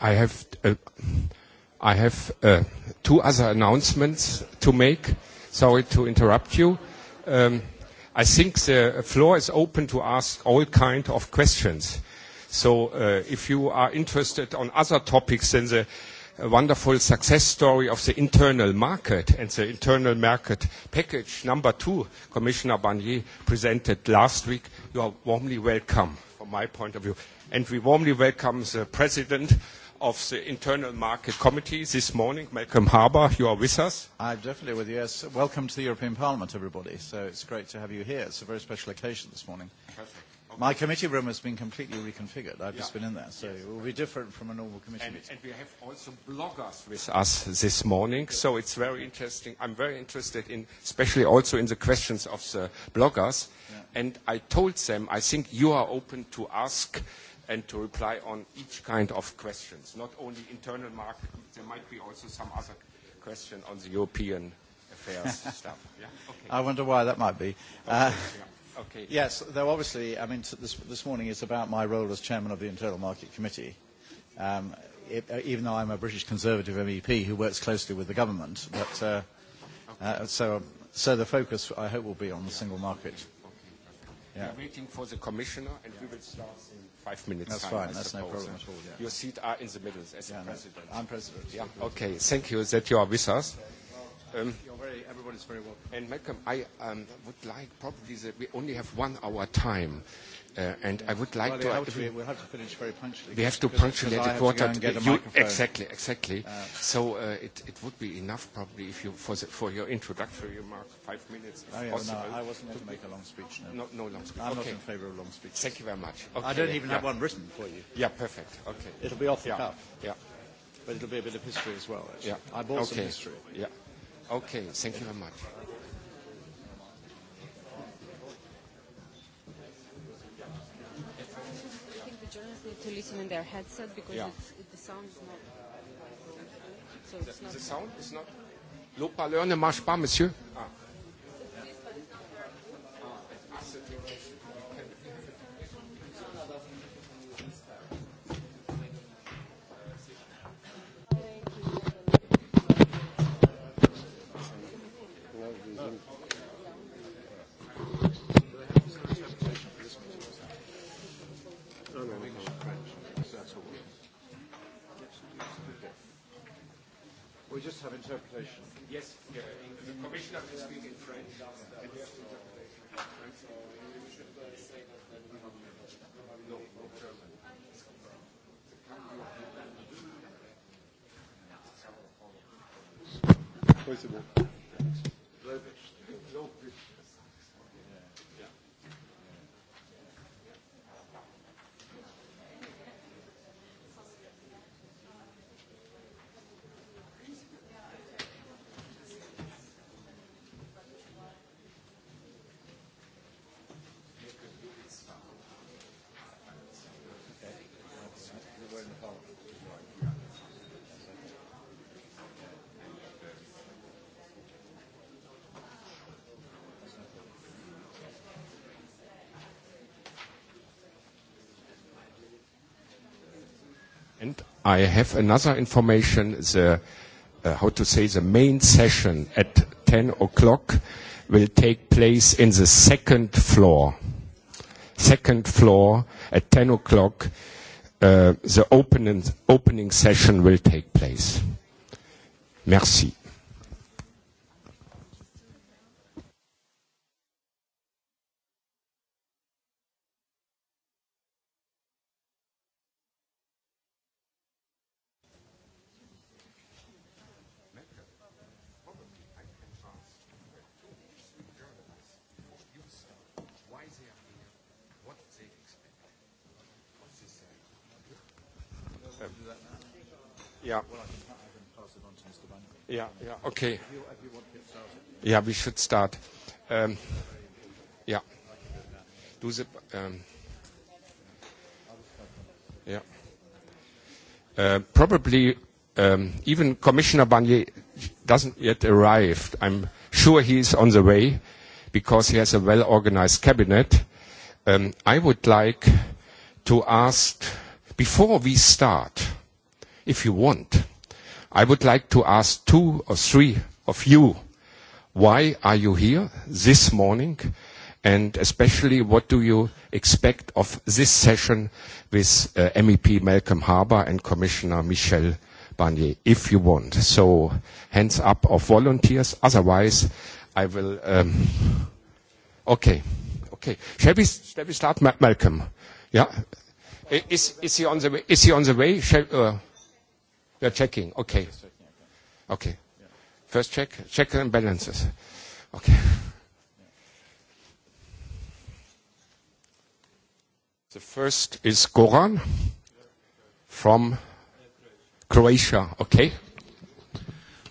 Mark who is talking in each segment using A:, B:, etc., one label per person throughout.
A: I have I have two other announcements to make. Sorry to interrupt you. I think the floor is open to ask all kinds of questions. So if you are interested on other topics than the wonderful success story of the internal market and the internal market package number two Commissioner Barnier presented last week, you are warmly welcome my point of view. And we warmly welcome the President of the Internal Market Committee this morning, Malcolm Harbour. You are with us.
B: I'm definitely with you. Yes. Welcome to the European Parliament, everybody. So it's great to have you here. It's a very special occasion this morning. My committee room has been completely reconfigured. I've just been in there, so it will be different from a normal committee meeting.
A: And we have also bloggers with us this morning, so it's very interesting. I'm very interested in, especially also in the questions of the bloggers. And I told them, I think you are open to ask and to reply on each kind of questions, not only internal market. There might be also some other question on the European affairs stuff.
B: I wonder why that might be. Okay. Yes, though obviously, I mean, this, morning is about my role as chairman of the Internal Market Committee. Um, even though I'm a British Conservative MEP who works closely with the government, but so, so the focus I hope will be on the single market.
A: Yeah. We're waiting for the commissioner, and we will start in five minutes. That's fine. That's no problem at all. Your seat are in the middle as a president. I'm president. Yeah. Okay. Thank you that you are with us. Everybody's very welcome. And Malcolm, I would like probably that we only have one hour time, and I would like to.
B: We'll have to finish very punctually. We have to punctually at quarter to Exactly,
A: exactly. So it it would be enough probably if you for for your introductory remark five minutes. Oh no, I wasn't going to make a long speech. No, no long speech. I'm not in favor of long speeches. Thank you very much. I don't even have one written for you. Yeah, perfect. Okay. It'll be off the cuff. Yeah.
B: But it'll be a bit of history as well. Actually, I bought some history.
A: Yeah. Okay, thank you very much.
C: I think the journalists to listen in their headset because it's, the sound is not.
A: So it's not. The sound is not. L'eau parleur ne marche pas, monsieur. Ah. Ah, c'est une Ευχαριστώ. And I have another information, the, how to say, the main session at 10 o'clock will take place in the second floor. Second floor at 10 o'clock, the opening session will take place. Merci.
B: Yeah. Yeah, yeah, okay. Yeah, we should
A: start. Um, yeah. Do the, um, yeah. probably even Commissioner Barnier doesn't yet arrived. I'm sure he's on the way because he has a well-organized cabinet. I would like to ask, before we start, if you want. I would like to ask two or three of you, why are you here this morning, and especially what do you expect of this session with MEP Malcolm Harbour and Commissioner Michel Barnier, if you want. So hands up of volunteers, otherwise I will... Okay, okay. Shall we start, Malcolm? Yeah? Is he on the way? We are checking. Okay. Okay. First check. Check and balances. Okay. The first is Goran from Croatia. Okay.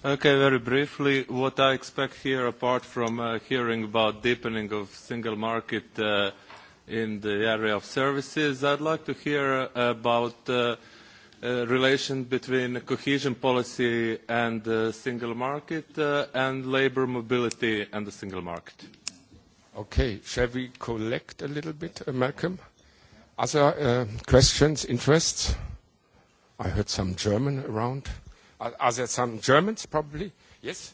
D: Okay, very briefly, what I expect here, apart from hearing about deepening of single market in the area of services, I'd like to hear about relation between cohesion policy and the single market and labor mobility and
A: the single market. Okay, shall we collect a little bit, Malcolm? Other questions, interests? I heard some German around. Are there some Germans, probably? Yes?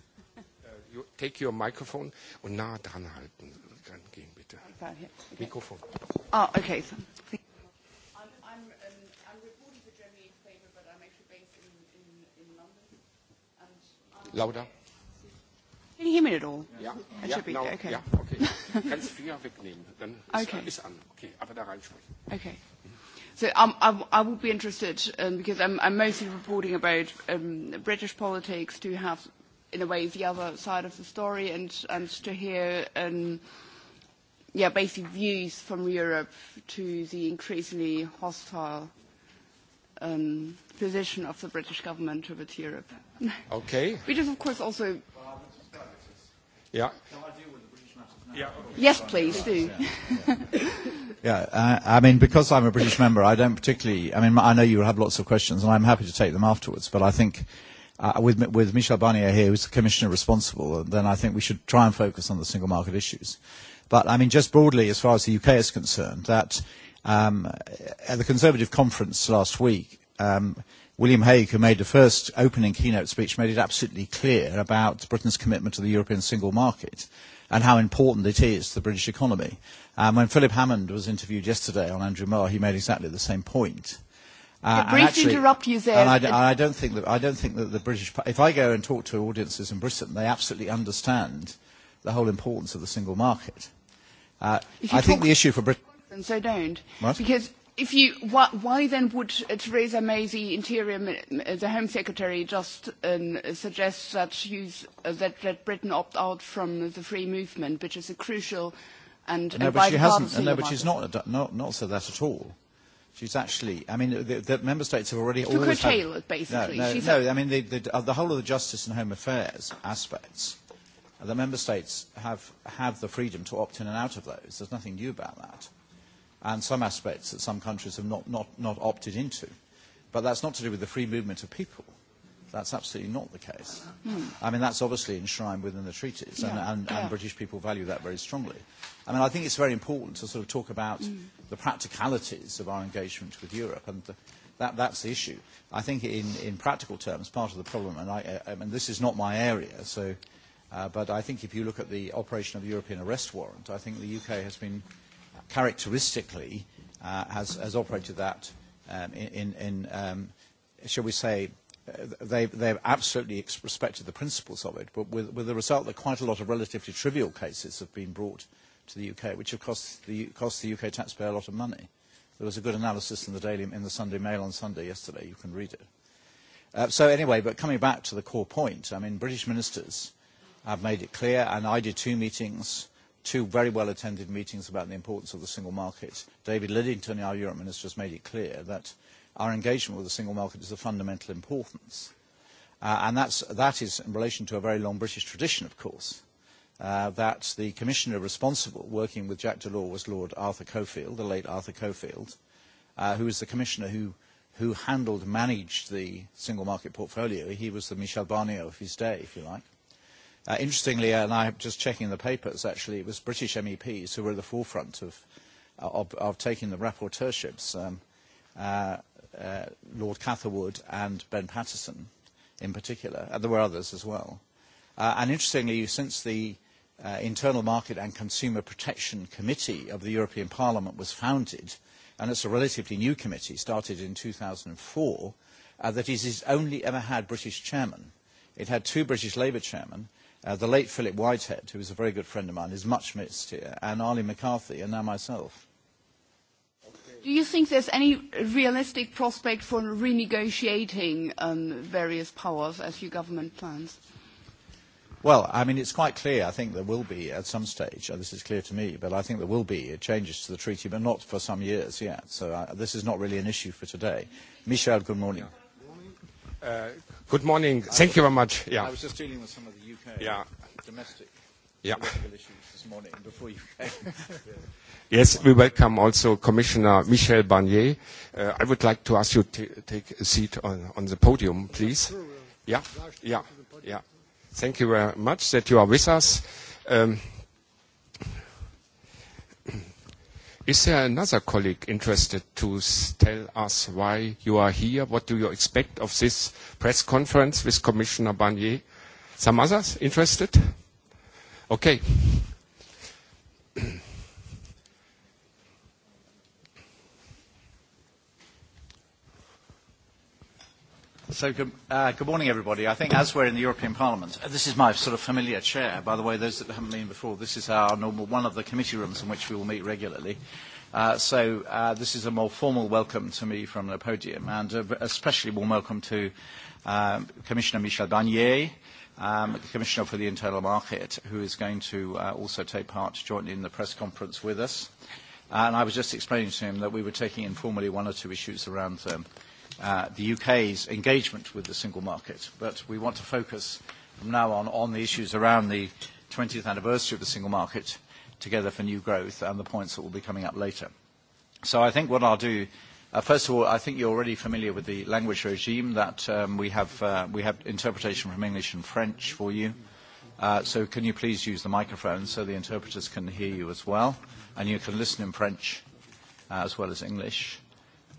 A: take your microphone und nah dran Mikrofon. okay. Lauter. Can you hear me at all? Yeah. okay. ja okay. Finger wegnehmen, dann ist, okay. an. Okay, aber da reinsprechen.
C: Okay. So um, I, I will be interested, um, because I'm, I'm mostly reporting about um, British politics to have, in a way, the other side of the story and, and to hear, um, yeah, basic views from Europe to the increasingly hostile position of the British government towards Europe.
A: Okay. Which
C: is, of course, also.
A: Yeah.
D: Yes, please do.
A: Yeah,
B: I mean, because I'm a British member, I don't particularly. I mean, I know you have lots of questions, and I'm happy to take them afterwards. But I think with with Michel Barnier here, who's the commissioner responsible, then I think we should try and focus on the single market issues. But I mean, just broadly, as far as the UK is concerned, that At the Conservative conference last week, William Hague, who made the first opening keynote speech, made it absolutely clear about Britain's commitment to the European single market and how important it is to the British economy. When Philip Hammond was interviewed yesterday on Andrew Marr, he made exactly the same point. A brief interrupt
C: you there. think I
B: don't think that the British. If I go and talk to audiences in Britain, they absolutely understand the whole importance of the single market. I think the issue for Britain
C: and so don't. Because if you, why then would Theresa May, the Interior, the Home Secretary, just suggest that that Britain opt out from the free movement, which is a crucial and no, but she hasn't. No, but she's
B: not not not said that at all. She's actually, I mean, the, the member states have already to curtail it basically. No, no, no I mean the, the, the whole of the justice and home affairs aspects. The member states have have the freedom to opt in and out of those. There's nothing new about that and some aspects that some countries have not, not, not opted into. But that's not to do with the free movement of people. That's absolutely not the case. I mean, that's obviously enshrined within the treaties, and, and, and British people value that very strongly. I mean, I think it's very important to sort of talk about the practicalities of our engagement with Europe, and that, that's the issue. I think in, in practical terms, part of the problem, and I, mean, this is not my area, so, but I think if you look at the operation of the European arrest warrant, I think the UK has been characteristically has operated that in, shall we say, they've absolutely respected the principles of it, but with the result that quite a lot of relatively trivial cases have been brought to the UK, which have cost the UK taxpayer a lot of money. There was a good analysis in the Daily, in the Sunday Mail on Sunday yesterday. You can read it. So anyway, but coming back to the core point, I mean, British ministers have made it clear, and I did two meetings two very well attended meetings about the importance of the single market. David Lidington, our Europe Minister, has made it clear that our engagement with the single market is of fundamental importance. And that is in relation to a very long British tradition, of course, that the commissioner responsible working with Jack Delors was Lord Arthur Cofield, the late Arthur Cofield, who was the commissioner who who handled, managed the single market portfolio. He was the Michel Barnier of his day, if you like. Interestingly, and I' am just checking the papers, actually, it was British MEPs who were at the forefront of taking the rapporteurships, Lord Catherwood and Ben Patterson in particular, and there were others as well. And interestingly, since the Internal Market and Consumer Protection Committee of the European Parliament was founded, and it's a relatively new committee, started in 2004, that it has only ever had British chairmen. It had two British Labour chairmen The late Philip Whitehead, who is a very good friend of mine, is much missed here, and Arlie McCarthy, and now myself.
C: Do you think there's any realistic prospect for renegotiating various powers as your government plans?
B: Well, I mean, it's quite clear. I think there will be at some stage. This is clear to me, but I think there will be changes to the treaty, but not for some years yet. So this is not really an issue for today. Michel, good morning. Good morning. Thank you very much. I was just some Domestic.
A: Yes, we welcome also Commissioner Michel Barnier. I would like to ask you to take a seat on the podium, please. Yeah, yeah, yeah. Thank you very much that you are with us. Is there another colleague interested to tell us why you are here? What do you expect of this press conference with Commissioner Barnier? Some others interested? Okay.
B: So good morning, everybody. I think as we're in the European Parliament, this is my sort of familiar chair. By the way, those that haven't been before, this is our normal one of the committee rooms in which we will meet regularly. So this is a more formal welcome to me from the podium, and especially warm welcome to Commissioner Michel Barnier the Commissioner for the Internal Market, who is going to also take part jointly in the press conference with us. And I was just explaining to him that we were taking informally one or two issues around the UK's engagement with the single market, but we want to focus from now on on the issues around the 20th anniversary of the single market, Together for New Growth, and the points that will be coming up later. So I think what I'll do First of all, I think you're already familiar with the language regime that we have. interpretation from English and French for you. So can you please use the microphone so the interpreters can hear you as well, and you can listen in French as well as English.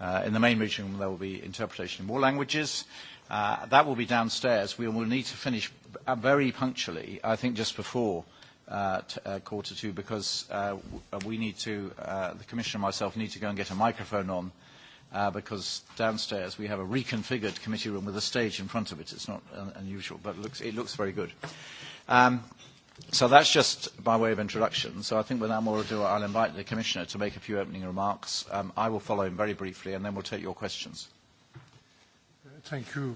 B: In the main meeting room there will be interpretation in more languages. That will be downstairs. We will need to finish very punctually, I think just before quarter two, because we need to, the Commissioner and myself need to go and get a microphone on uh because downstairs we have a reconfigured committee room with a stage in front of it. It's not unusual, but it looks it looks very good. So that's just by way of introduction. So I think without more ado, I'll invite the Commissioner to make a few opening remarks. I will follow him very briefly, and then we'll take your questions.
E: Thank you,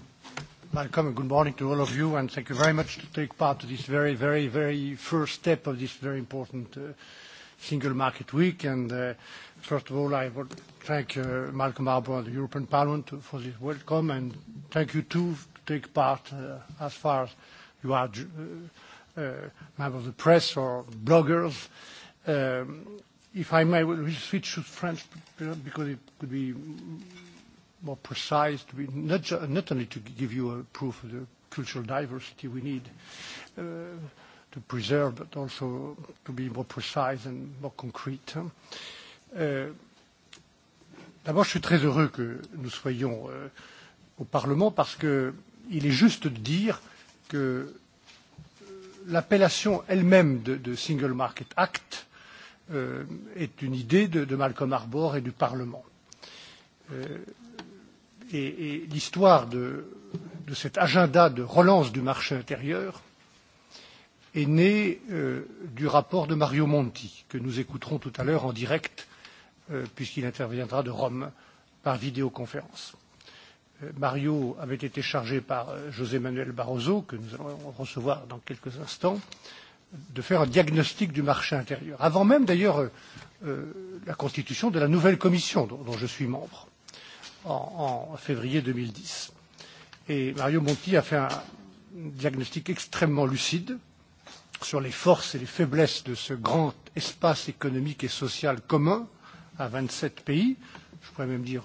E: Malcolm, and good morning to all of you, and thank you very much to take part to this very, very, very first step of this very important Single Market Week. And first of all, I would thank Malcolm Harbour and the European Parliament for this welcome, and thank you too to take part as far as you are members of the press or bloggers. If I may, we'll switch to French because it could be more precise, to be not only to give you a proof of the cultural diversity we need to preserve, but also to be more precise and more concrete. D'abord, je suis très heureux que nous soyons au Parlement parce qu'il est juste de dire que l'appellation elle-même de Single Market Act est une idée de Malcolm Harbour et du Parlement. Et l'histoire de cet agenda de relance du marché intérieur est né du rapport de Mario Monti, que nous écouterons tout à l'heure en direct, puisqu'il interviendra de Rome par vidéoconférence. Mario avait été chargé par José Manuel Barroso, que nous allons recevoir dans quelques instants, de faire un diagnostic du marché intérieur, avant même d'ailleurs la constitution de la nouvelle commission dont je suis membre, en février 2010. Et Mario Monti a fait un diagnostic extrêmement lucide sur les forces et les faiblesses de ce grand espace économique et social commun à 27 pays, je pourrais même dire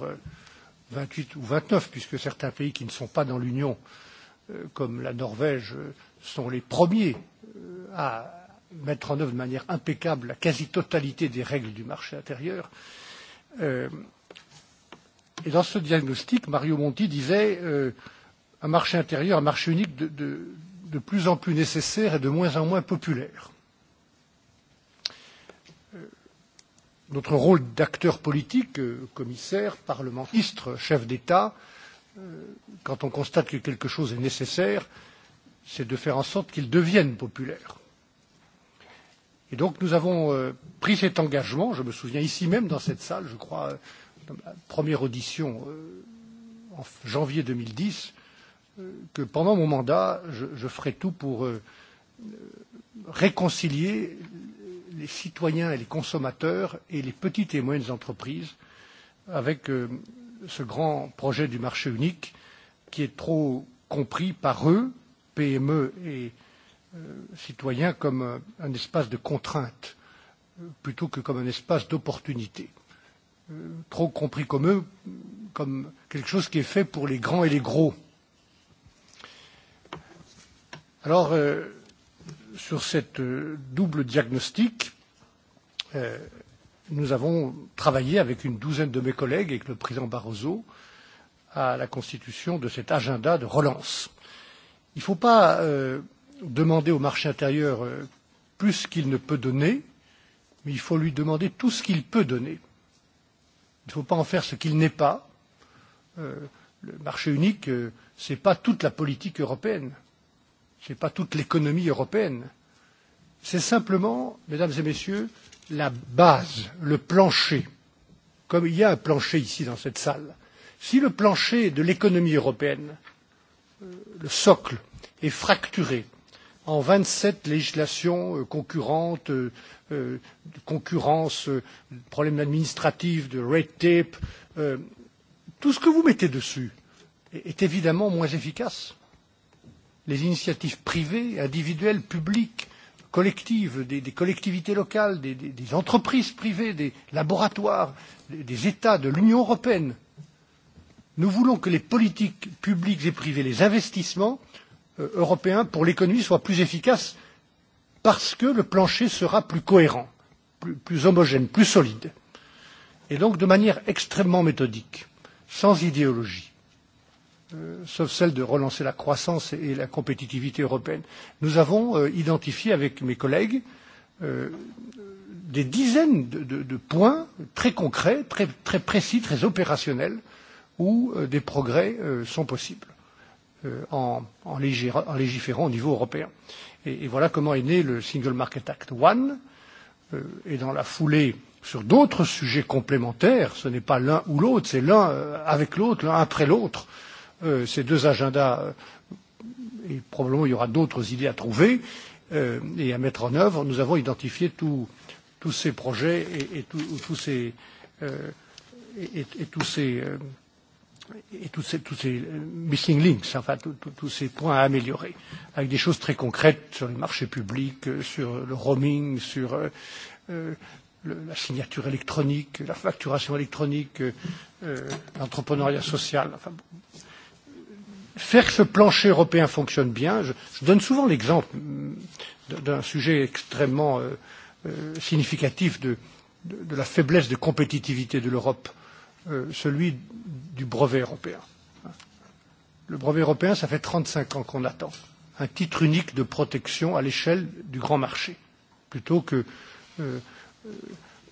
E: 28 ou 29, puisque certains pays qui ne sont pas dans l'Union, comme la Norvège, sont les premiers à mettre en œuvre de manière impeccable la quasi-totalité des règles du marché intérieur. Et dans ce diagnostic, Mario Monti disait un marché intérieur, un marché unique de de plus en plus nécessaire et de moins en moins populaire. Notre rôle d'acteur politique, commissaire, parlementiste, chef d'État, quand on constate que quelque chose est nécessaire, c'est de faire en sorte qu'il devienne populaire. Et donc nous avons pris cet engagement, je me souviens ici même dans cette salle, je crois, dans ma première audition en janvier 2010, que pendant mon mandat, je ferai tout pour réconcilier les citoyens et les consommateurs et les petites et moyennes entreprises avec ce grand projet du marché unique qui est trop compris par eux, PME et citoyens, comme un espace de contrainte plutôt que comme un espace d'opportunité. Trop compris comme eux, comme quelque chose qui est fait pour les grands et les gros Alors, sur cette double diagnostic, nous avons travaillé avec une douzaine de mes collègues, avec le président Barroso, à la constitution de cet agenda de relance. Il ne faut pas demander au marché intérieur plus qu'il ne peut donner, mais il faut lui demander tout ce qu'il peut donner. Il ne faut pas en faire ce qu'il n'est pas. Le marché unique, ce n'est pas toute la politique européenne ce n'est pas toute l'économie européenne. C'est simplement, mesdames et messieurs, la base, le plancher. Comme il y a un plancher ici dans cette salle. Si le plancher de l'économie européenne, le socle, est fracturé en vingt sept législations concurrentes, de concurrence, problèmes administratifs, de red tape, tout ce que vous mettez dessus est évidemment moins efficace les initiatives privées, individuelles, publiques, collectives, des collectivités locales, des entreprises privées, des laboratoires, des États, de l'Union européenne. Nous voulons que les politiques publiques et privées, les investissements européens pour l'économie soient plus efficaces parce que le plancher sera plus cohérent, plus homogène, plus solide. Et donc de manière extrêmement méthodique, sans idéologie sauf celle de relancer la croissance et la compétitivité européenne. Nous avons identifié avec mes collègues des dizaines de points très concrets, très précis, très opérationnels, où des progrès sont possibles en légiférant au niveau européen. Et voilà comment est né le Single Market Act One et dans la foulée sur d'autres sujets complémentaires, ce n'est pas l'un ou l'autre, c'est l'un avec l'autre, l'un après l'autre ces deux agendas et probablement il y aura d'autres idées à trouver et à mettre en œuvre, nous avons identifié tous ces projets et tous ces tous ces missing links, enfin tous ces points à améliorer, avec des choses très concrètes sur les marchés publics, sur le roaming, sur la signature électronique, la facturation électronique, l'entrepreneuriat social, enfin faire que ce plancher européen fonctionne bien, je donne souvent l'exemple d'un sujet extrêmement significatif de la faiblesse de compétitivité de l'Europe, celui du brevet européen. Le brevet européen, ça fait 35 ans qu'on attend. Un titre unique de protection à l'échelle du grand marché, plutôt que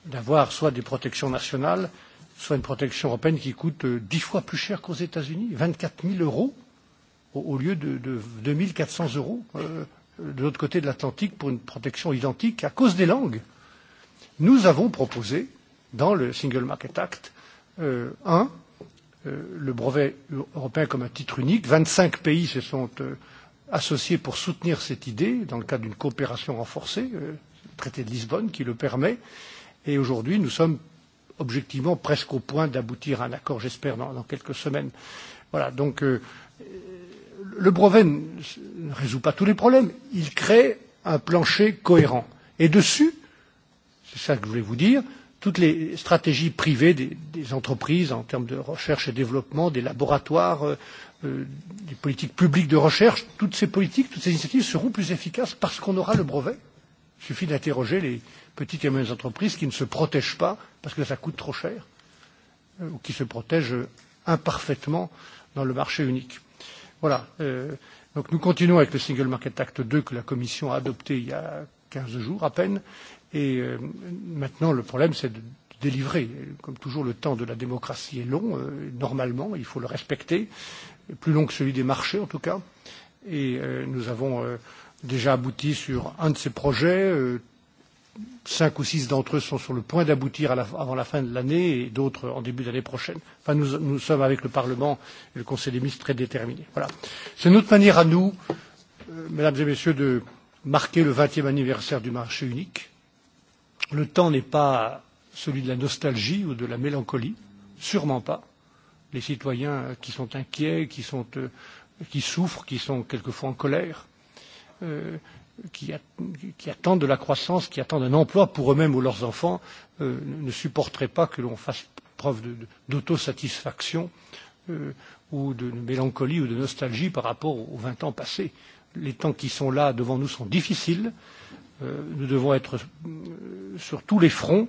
E: d'avoir soit des protections nationales, soit une protection européenne qui coûte dix fois plus cher qu'aux États-Unis, 24 000 euros au lieu de quatre cents euros de l'autre côté de l'Atlantique pour une protection identique à cause des langues. Nous avons proposé, dans le Single Market Act, un, le brevet européen comme un titre unique. 25 pays se sont associés pour soutenir cette idée dans le cadre d'une coopération renforcée, le traité de Lisbonne qui le permet. Et aujourd'hui, nous sommes objectivement presque au point d'aboutir à un accord, j'espère, dans quelques semaines. Voilà, donc le brevet ne résout pas tous les problèmes, il crée un plancher cohérent. Et dessus, c'est ça que je voulais vous dire, toutes les stratégies privées des entreprises en termes de recherche et développement, des laboratoires, des politiques publiques de recherche, toutes ces politiques, toutes ces initiatives seront plus efficaces parce qu'on aura le brevet. Il suffit d'interroger les petites et moyennes entreprises qui ne se protègent pas parce que ça coûte trop cher ou qui se protègent imparfaitement dans le marché unique. Voilà. Donc nous continuons avec le Single Market Act 2 que la Commission a adopté il y a 15 jours à peine. Et maintenant, le problème, c'est de délivrer. Comme toujours, le temps de la démocratie est long. Normalement, il faut le respecter. Plus long que celui des marchés, en tout cas. Et nous avons déjà abouti sur un de ces projets cinq ou six d'entre eux sont sur le point d'aboutir avant la fin de l'année et d'autres en début d'année prochaine. Enfin, nous sommes avec le Parlement et le Conseil des ministres très déterminés. Voilà. C'est notre manière à nous, mesdames et messieurs, de marquer le 20 20e anniversaire du marché unique. Le temps n'est pas celui de la nostalgie ou de la mélancolie, sûrement pas. Les citoyens qui sont inquiets, qui, sont, qui souffrent, qui sont quelquefois en colère, qui attendent de la croissance, qui attendent un emploi pour eux-mêmes ou leurs enfants, ne supporteraient pas que l'on fasse preuve d'autosatisfaction ou de mélancolie ou de nostalgie par rapport aux vingt ans passés. Les temps qui sont là devant nous sont difficiles. Nous devons être sur tous les fronts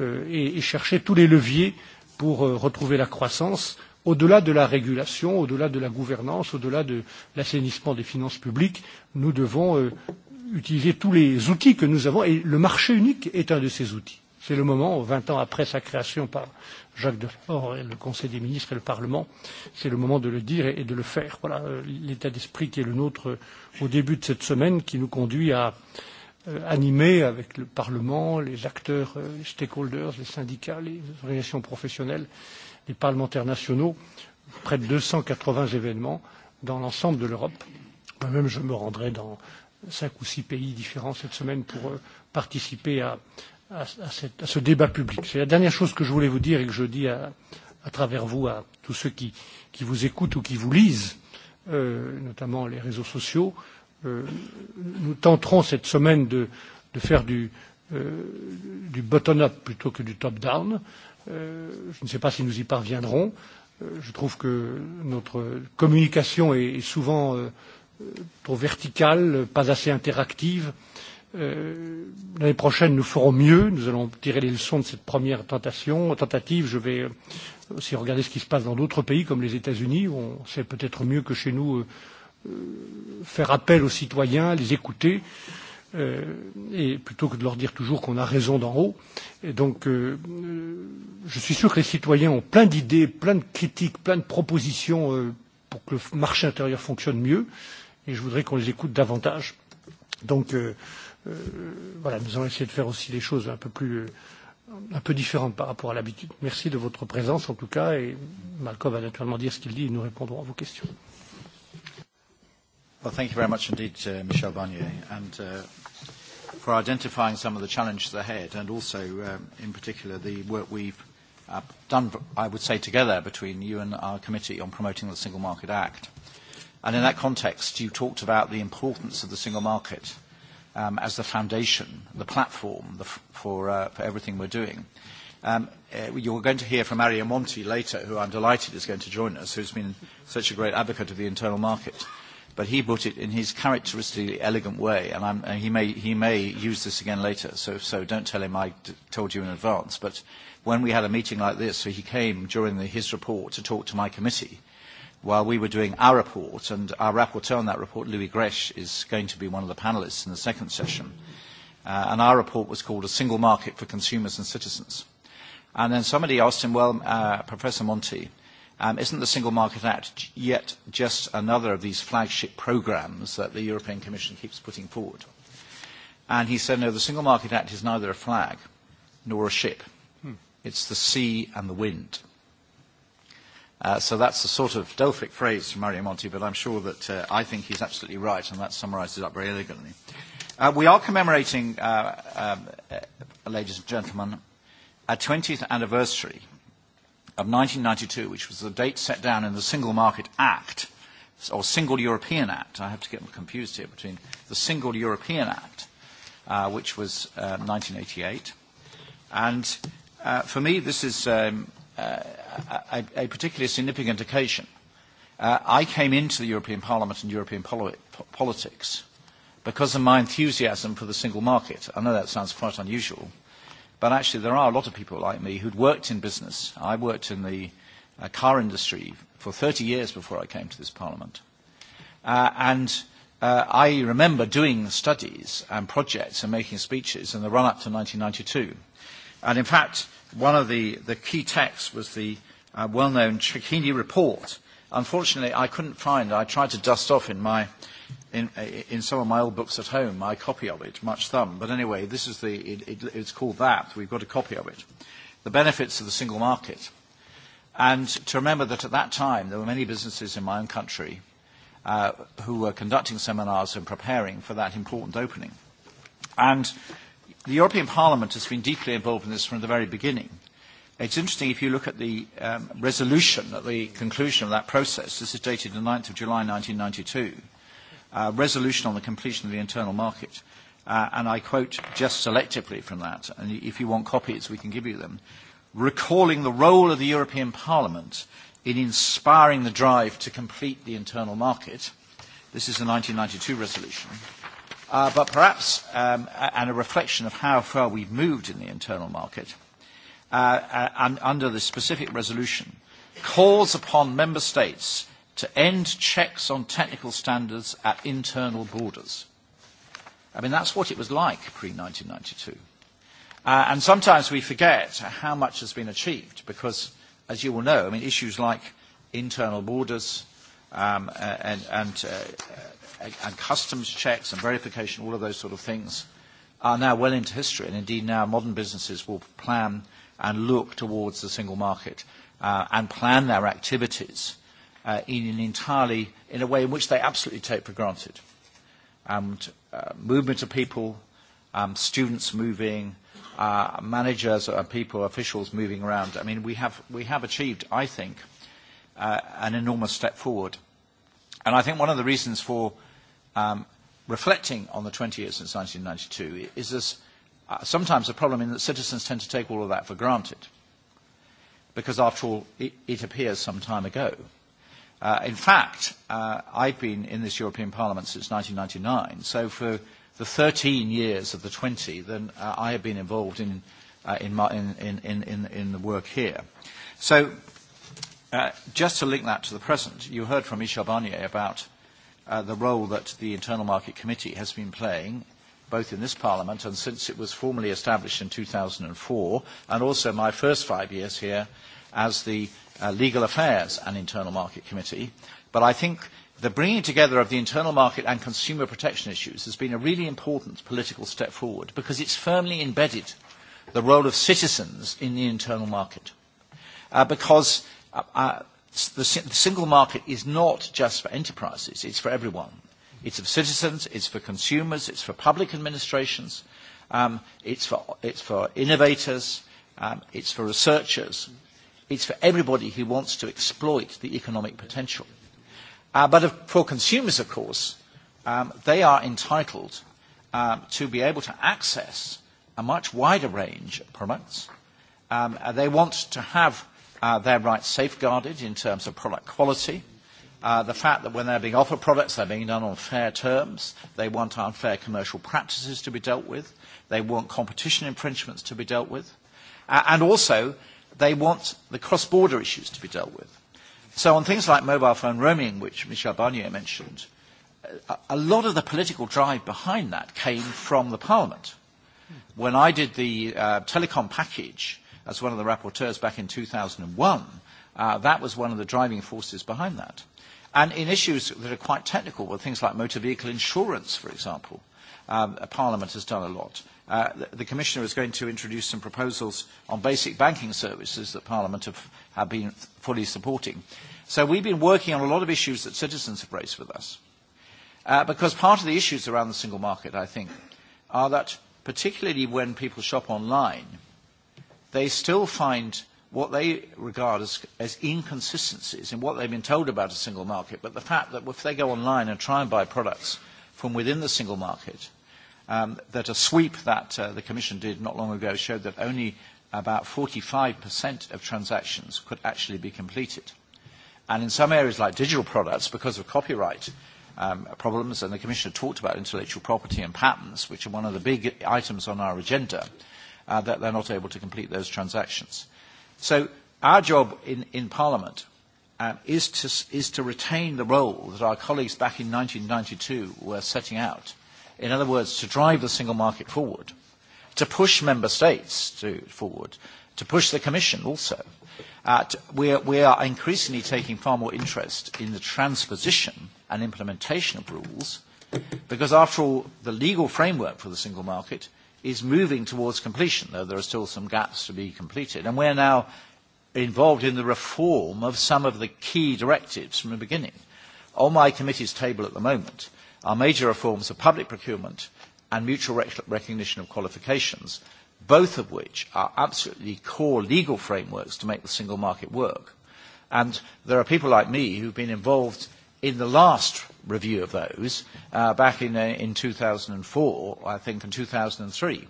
E: et chercher tous les leviers pour retrouver la croissance Au-delà de la régulation, au-delà de la gouvernance, au-delà de l'assainissement des finances publiques, nous devons utiliser tous les outils que nous avons et le marché unique est un de ces outils. C'est le moment, vingt ans après sa création par Jacques Delors, le Conseil des ministres et le Parlement, c'est le moment de le dire et de le faire. Voilà l'état d'esprit qui est le nôtre au début de cette semaine qui nous conduit à animer avec le Parlement, les acteurs, les stakeholders, les syndicats, les organisations professionnelles, Les parlementaires nationaux, près de deux cent quatre-vingts événements dans l'ensemble de l'Europe. Moi-même, je me rendrai dans cinq ou six pays différents cette semaine pour participer à ce débat public. C'est la dernière chose que je voulais vous dire et que je dis à travers vous à tous ceux qui vous écoutent ou qui vous lisent, notamment les réseaux sociaux. Nous tenterons cette semaine de faire du bottom-up plutôt que du top-down. Je ne sais pas si nous y parviendrons. Je trouve que notre communication est souvent trop verticale, pas assez interactive. L'année prochaine, nous ferons mieux. Nous allons tirer les leçons de cette première tentation, tentative. Je vais aussi regarder ce qui se passe dans d'autres pays, comme les États-Unis, où on sait peut-être mieux que chez nous faire appel aux citoyens, les écouter et plutôt que de leur dire toujours qu'on a raison d'en haut. donc, je suis sûr que les citoyens ont plein d'idées, plein de critiques, plein de propositions pour que le marché intérieur fonctionne mieux, et je voudrais qu'on les écoute davantage. Donc, voilà, nous allons essayer de faire aussi les choses un peu plus un peu différentes par rapport à l'habitude. Merci de votre présence en tout cas et Malcolm va naturellement dire ce qu'il dit et nous répondrons à vos questions.
B: Well, thank you very much indeed, Michel Barnier. And for identifying some of the challenges ahead and also, in particular, the work we've done, I would say, together between you and our committee on promoting the Single Market Act. And in that context, you talked about the importance of the single market as the foundation, the platform for everything we're doing. You're going to hear from Mario Monti later, who I'm delighted is going to join us, who's been such a great advocate of the internal market but he put it in his characteristically elegant way, and he may he may use this again later. So so don't tell him I told you in advance. But when we had a meeting like this, so he came during his report to talk to my committee, while we were doing our report, and our rapporteur on that report, Louis Gresh, is going to be one of the panelists in the second session. And our report was called "A Single Market for Consumers and Citizens." And then somebody asked him, well, Professor Monti Isn't the Single Market Act yet just another of these flagship programs that the European Commission keeps putting forward? And he said, no, the Single Market Act is neither a flag nor a ship. It's the sea and the wind. So that's a sort of Delphic phrase from Mario Monti, but I'm sure that I think he's absolutely right, and that summarizes it up very elegantly. We are commemorating, ladies and gentlemen, a 20th anniversary of 1992, which was the date set down in the Single Market Act, or Single European Act. I have to get confused here between the Single European Act, which was 1988. And for me, this is a particularly significant occasion. I came into the European Parliament and European politics because of my enthusiasm for the single market. I know that sounds quite unusual, But actually, there are a lot of people like me who'd worked in business. I worked in the car industry for 30 years before I came to this Parliament. And I remember doing studies and projects and making speeches in the run-up to 1992. And in fact, one of the key texts was the well-known Trichini report. Unfortunately, I couldn't find. I tried to dust off in my in some of my old books at home, my copy of it, much thumb. But anyway, this is the, it's called that. We've got a copy of it. The benefits of the single market. And to remember that at that time, there were many businesses in my own country who were conducting seminars and preparing for that important opening. And the European Parliament has been deeply involved in this from the very beginning. It's interesting if you look at the resolution at the conclusion of that process. This is dated the 9th of July 1992 resolution on the completion of the internal market. And I quote just selectively from that, and if you want copies, we can give you them. Recalling the role of the European Parliament in inspiring the drive to complete the internal market. This is the 1992 resolution. But perhaps, and a reflection of how far we've moved in the internal market, under the specific resolution, calls upon member states to end checks on technical standards at internal borders. I mean, that's what it was like pre-1992. And sometimes we forget how much has been achieved because, as you will know, I mean, issues like internal borders and customs checks and verification, all of those sort of things, are now well into history. And indeed, now modern businesses will plan and look towards the single market and plan their activities in an entirely, in a way in which they absolutely take for granted. And movement of people, um students moving, managers, people, officials moving around. I mean, we have we have achieved, I think, an enormous step forward. And I think one of the reasons for um reflecting on the 20 years since 1992 is this sometimes a problem in that citizens tend to take all of that for granted, because after all, it appears some time ago. In fact, I've been in this European Parliament since 1999, so for the 13 years of the 20, then I have been involved in the work here. So just to link that to the present, you heard from Michel Barnier about the role that the Internal Market Committee has been playing, both in this Parliament and since it was formally established in 2004, and also my first five years here as the Legal Affairs and Internal Market Committee, but I think the bringing together of the internal market and consumer protection issues has been a really important political step forward because it's firmly embedded the role of citizens in the internal market. Because the single market is not just for enterprises, it's for everyone. It's for citizens, it's for consumers, it's for public administrations, it's for innovators, it's for researchers It's for everybody who wants to exploit the economic potential. But for consumers, of course, they are entitled to be able to access a much wider range of products. They want to have their rights safeguarded in terms of product quality, the fact that when they're being offered products, they're being done on fair terms. They want unfair commercial practices to be dealt with. They want competition infringements to be dealt with. And also, they want the cross-border issues to be dealt with. So on things like mobile phone roaming, which Michel Barnier mentioned, a lot of the political drive behind that came from the Parliament. When I did the telecom package as one of the rapporteurs back in 2001, that was one of the driving forces behind that. And in issues that are quite technical, with things like motor vehicle insurance, for example, Parliament has done a lot the Commissioner is going to introduce some proposals on basic banking services that Parliament have been fully supporting. So we've been working on a lot of issues that citizens have raised with us. Because part of the issues around the single market, I think, are that particularly when people shop online, they still find what they regard as inconsistencies in what they've been told about a single market. But the fact that if they go online and try and buy products from within the single market, that a sweep that the Commission did not long ago showed that only about 45% of transactions could actually be completed. And in some areas like digital products, because of copyright problems, and the Commissioner talked about intellectual property and patents, which are one of the big items on our agenda, that they're not able to complete those transactions. So our job in Parliament is to retain the role that our colleagues back in 1992 were setting out In other words, to drive the single market forward, to push member states to forward, to push the Commission also. We are increasingly taking far more interest in the transposition and implementation of rules, because after all, the legal framework for the single market is moving towards completion, though there are still some gaps to be completed. And we are now involved in the reform of some of the key directives from the beginning. On my committee's table at the moment are major reforms of public procurement and mutual recognition of qualifications, both of which are absolutely core legal frameworks to make the single market work. And there are people like me who have been involved in the last review of those back in 2004, I think, and 2003.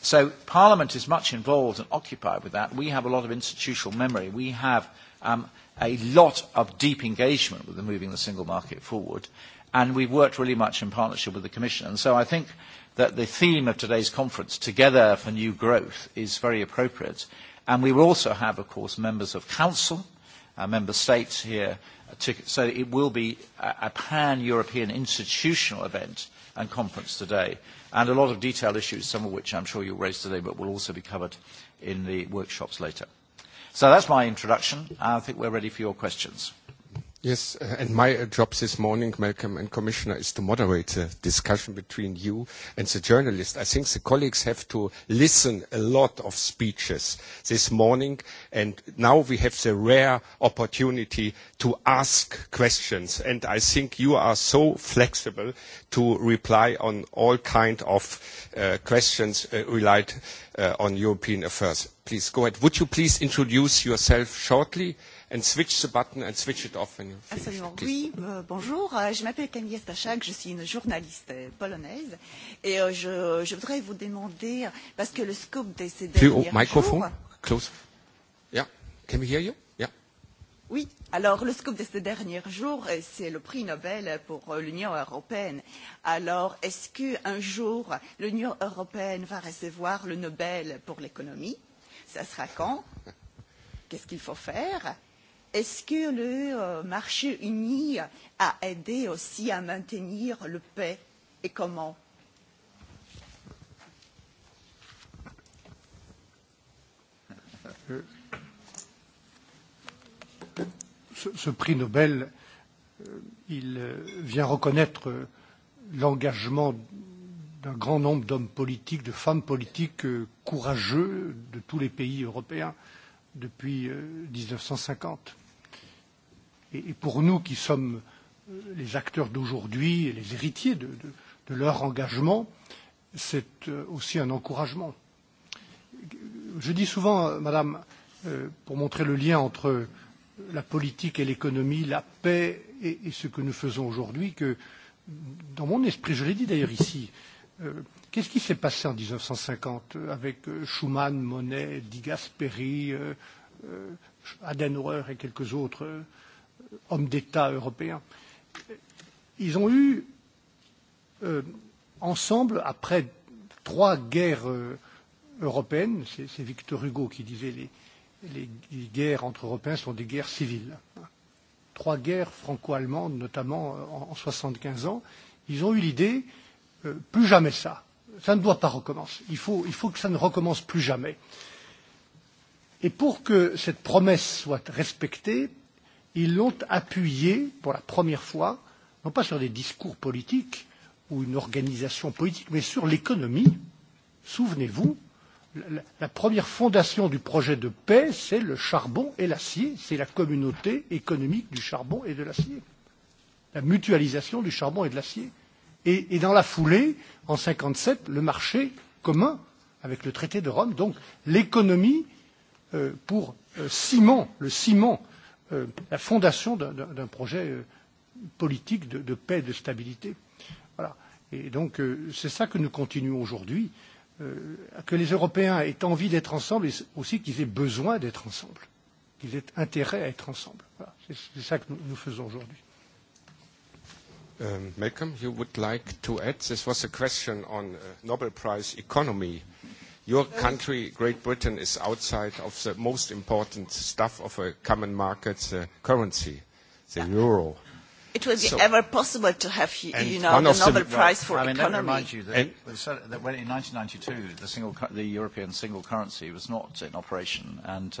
B: So Parliament is much involved and occupied with that. We have a lot of institutional memory. We have a lot of deep engagement with moving the single market forward and we've worked really much in partnership with the Commission. so I think that the theme of today's conference, Together for New Growth, is very appropriate. And we will also have, of course, members of Council, member states here, so it will be a pan-European institutional event and conference today. And a lot of detailed issues, some of which I'm sure you'll raise today, but will also be covered in the workshops later. So that's my introduction. I think we're ready for your questions.
A: Yes, and my job this morning, Malcolm and Commissioner, is to moderate the discussion between you and the journalist. I think the colleagues have to listen a lot of speeches this morning, and now we have the rare opportunity to ask questions. And I think you are so flexible to reply on all kind of questions relied on European affairs. Please go ahead. Would you please introduce yourself shortly? and switch
C: Oui, bonjour. Je m'appelle Camille Stachak, je suis une journaliste polonaise et je, je voudrais vous demander, parce que le scope de ces derniers microphone? Oui, alors le scoop de ces derniers jours, c'est le prix Nobel pour l'Union européenne. Alors, est-ce qu'un jour, l'Union européenne va recevoir le Nobel pour l'économie Ça sera quand Qu'est-ce qu'il faut faire Est-ce que le marché uni a aidé aussi à maintenir le paix et comment
E: Ce prix Nobel, il vient reconnaître l'engagement d'un grand nombre d'hommes politiques, de femmes politiques courageux de tous les pays européens depuis 1950 et pour nous qui sommes les acteurs d'aujourd'hui et les héritiers de leur engagement, c'est aussi un encouragement. Je dis souvent, Madame, pour montrer le lien entre la politique et l'économie, la paix et ce que nous faisons aujourd'hui, que dans mon esprit, je l'ai dit d'ailleurs ici, qu'est-ce qui s'est passé en 1950 avec Schuman, Monet, Digasperi, Gasperi, Adenauer et quelques autres hommes d'État européens, ils ont eu ensemble, après trois guerres européennes, c'est Victor Hugo qui disait les guerres entre Européens sont des guerres civiles, trois guerres franco-allemandes notamment en 75 ans, ils ont eu l'idée, plus jamais ça, ça ne doit pas recommencer, il faut que ça ne recommence plus jamais. Et pour que cette promesse soit respectée, ils l'ont appuyé pour la première fois, non pas sur des discours politiques ou une organisation politique, mais sur l'économie. Souvenez-vous, la première fondation du projet de paix, c'est le charbon et l'acier, c'est la communauté économique du charbon et de l'acier, la mutualisation du charbon et de l'acier. Et dans la foulée, en 1957, le marché commun avec le traité de Rome, donc l'économie pour ciment, le ciment la fondation d'un projet politique de paix et de stabilité. Voilà. Et donc, c'est ça que nous continuons aujourd'hui, que les Européens aient envie d'être ensemble et aussi qu'ils aient besoin d'être ensemble, qu'ils aient intérêt à être ensemble. Voilà. C'est ça que nous faisons aujourd'hui.
A: Malcolm, you would like to add? This was a question on Nobel Prize economy Your country, Great Britain, is outside of the most important stuff of a common market currency, the euro. It was ever
C: possible to have, you
A: know, the Nobel
B: Prize for economy. Let me remind you that when in 1992 the single, the European single currency was not in operation, and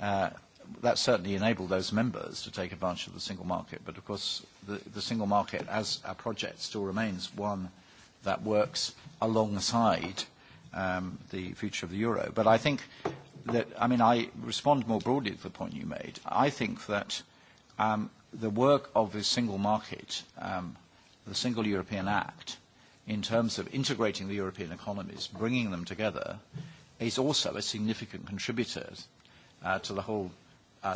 B: that certainly enabled those members to take advantage of the single market. But of course, the single market, as a project, still remains one that works alongside the future of the euro. But I think that, I mean, I respond more broadly to the point you made. I think that um the work of the single market, um the single European Act, in terms of integrating the European economies, bringing them together, is also a significant contributor to the whole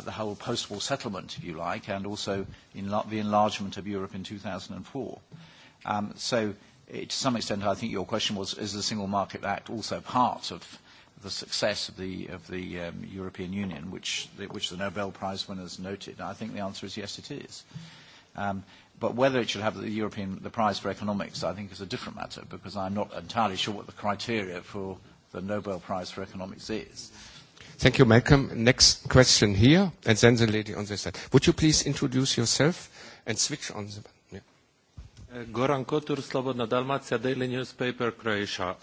B: the whole post-war settlement, if you like, and also in the enlargement of Europe in 2004. So to some extent, I think your question was, is the Single Market Act also part of the success of the of the European Union, which which the Nobel Prize winners noted? I think the answer is yes, it is. But whether it should have the European the Prize for Economics, I think, is a different matter, because I'm not entirely sure what the criteria for the Nobel Prize for Economics is.
A: Thank you, Malcolm. Next question here, and then the lady on this side. Would you please introduce yourself
B: and switch on the
A: Goran
D: Kotur, Slobodna Dalmacija, Daily Newspaper, Croatia.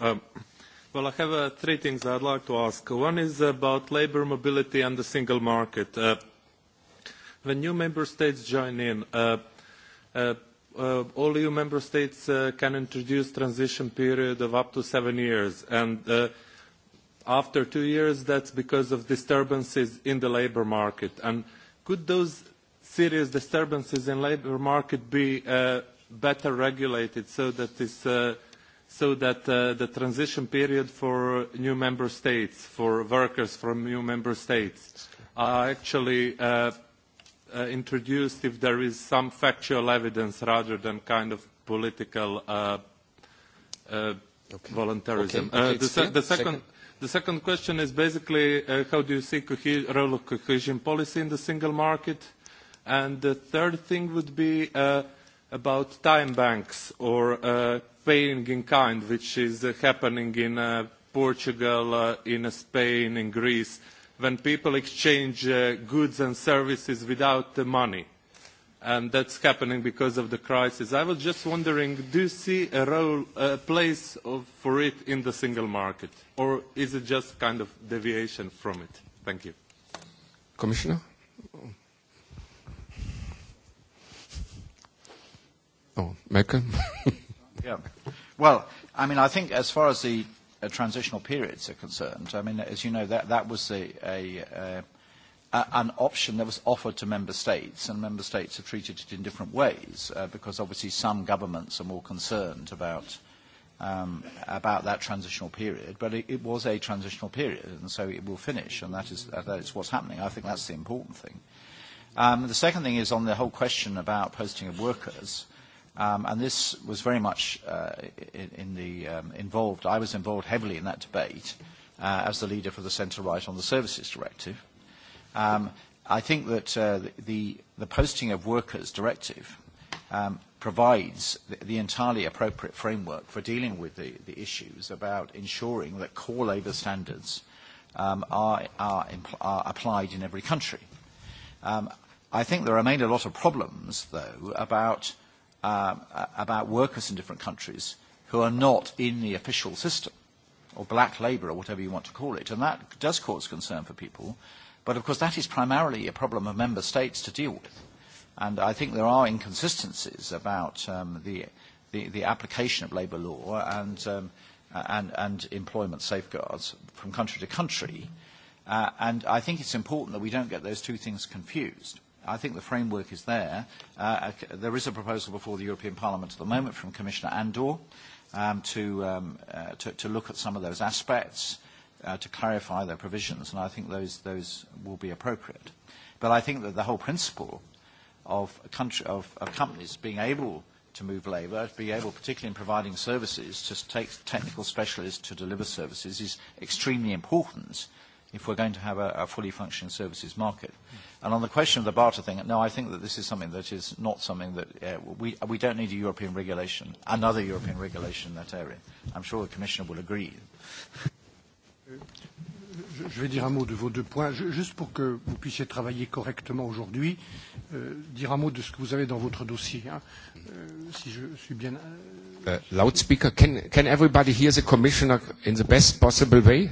D: Well, I have three things I'd like to ask. One is about labor mobility and the single market. When new member states join in, all EU member states can introduce transition period of up to seven years. And after two years, that's because of disturbances in the labor market. And could those serious disturbances in labor market be better regulated so that this so that the transition period for new member states, for workers from new member states, are actually introduced if there is some factual evidence rather than kind of political voluntarism. The second question is basically how do you see the role of cohesion policy in the single market? And the third thing would be about time banks or paying in kind, which is happening in Portugal, in Spain, in Greece, when people exchange goods and services without the money. And that's happening because of the crisis. I was just wondering, do you see a role, a place for it in the single market? Or is it just kind of deviation from it? Thank you.
A: Commissioner? Oh, Mecca?
B: yeah. Well, I mean, I think as far as the transitional periods are concerned, I mean, as you know, that, that was a, a, an option that was offered to member states, and member states have treated it in different ways, because obviously some governments are more concerned about um, about that transitional period, but it, it was a transitional period, and so it will finish, and that is, that is what's happening. I think that's the important thing. Um, the second thing is on the whole question about posting of workers and this was very much in the involved. I was involved heavily in that debate as the leader for the centre-right on the services directive. I think that the posting of workers directive provides the entirely appropriate framework for dealing with the issues about ensuring that core labour standards are applied in every country. I think there remain a lot of problems, though, about about workers in different countries who are not in the official system, or black labour, or whatever you want to call it. And that does cause concern for people. But, of course, that is primarily a problem of member states to deal with. And I think there are inconsistencies about the application of labour law and employment safeguards from country to country. And I think it's important that we don't get those two things confused. I think the framework is there. There is a proposal before the European Parliament at the moment from Commissioner Andor to look at some of those aspects, to clarify their provisions, and I think those will be appropriate. But I think that the whole principle of companies being able to move labour, to be able, particularly in providing services, to take technical specialists to deliver services is extremely important if we're going to have a fully functioning services market. And on the question of the barter thing, no, I think that this is something that is not something that we we don't need a European regulation, another European regulation in that area. I'm sure the Commissioner will agree.
E: Je vais dire un mot de vos deux points, juste pour que vous puissiez travailler correctement aujourd'hui, dire un mot de ce que vous avez dans votre dossier. Si je suis bien.
A: Loudspeaker, can everybody hear the Commissioner in the best possible way?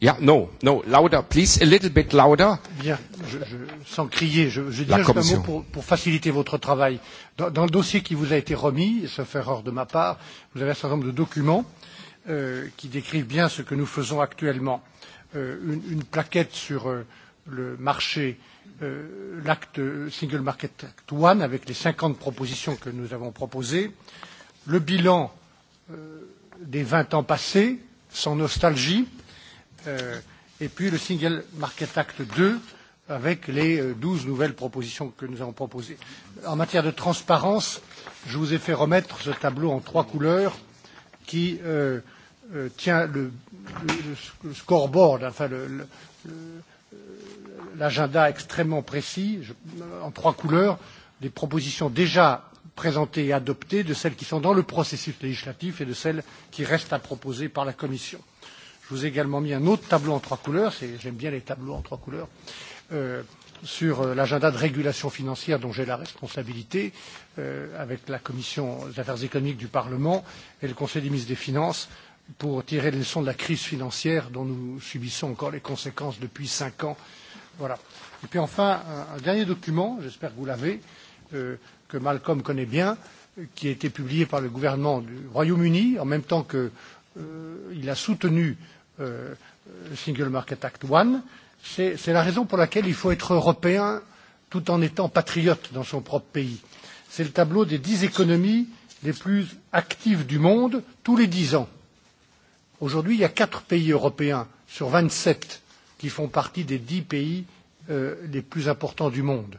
A: Yeah, no, no, louder, please, a little bit louder.
E: je, sans crier, je, je dis juste un mot pour, pour faciliter votre travail. Dans, le dossier qui vous a été remis, et ça fait erreur de ma part, vous avez un certain nombre de documents euh, qui décrivent bien ce que nous faisons actuellement. une, une plaquette sur le marché, l'acte Single Market Act One, avec les 50 propositions que nous avons proposées, le bilan euh, des 20 ans passés, sans nostalgie, et puis le Single Market Act 2 avec les douze nouvelles propositions que nous avons proposées. En matière de transparence, je vous ai fait remettre ce tableau en trois couleurs qui tient le scoreboard, enfin l'agenda extrêmement précis, en trois couleurs, des propositions déjà présentées et adoptées, de celles qui sont dans le processus législatif et de celles qui restent à proposer par la Commission Je vous ai également mis un autre tableau en trois couleurs, j'aime bien les tableaux en trois couleurs, sur l'agenda de régulation financière dont j'ai la responsabilité avec la Commission des affaires économiques du Parlement et le Conseil des ministres des Finances pour tirer les leçons de la crise financière dont nous subissons encore les conséquences depuis cinq ans. Et puis enfin, un dernier document, j'espère que vous l'avez, que Malcolm connaît bien, qui a été publié par le gouvernement du Royaume-Uni en même temps qu'il a soutenu Single Market Act One. C'est la raison pour laquelle il faut être européen tout en étant patriote dans son propre pays. C'est le tableau des dix économies les plus actives du monde tous les dix ans. Aujourd'hui, il y a quatre pays européens sur vingt sept qui font partie des dix pays les plus importants du monde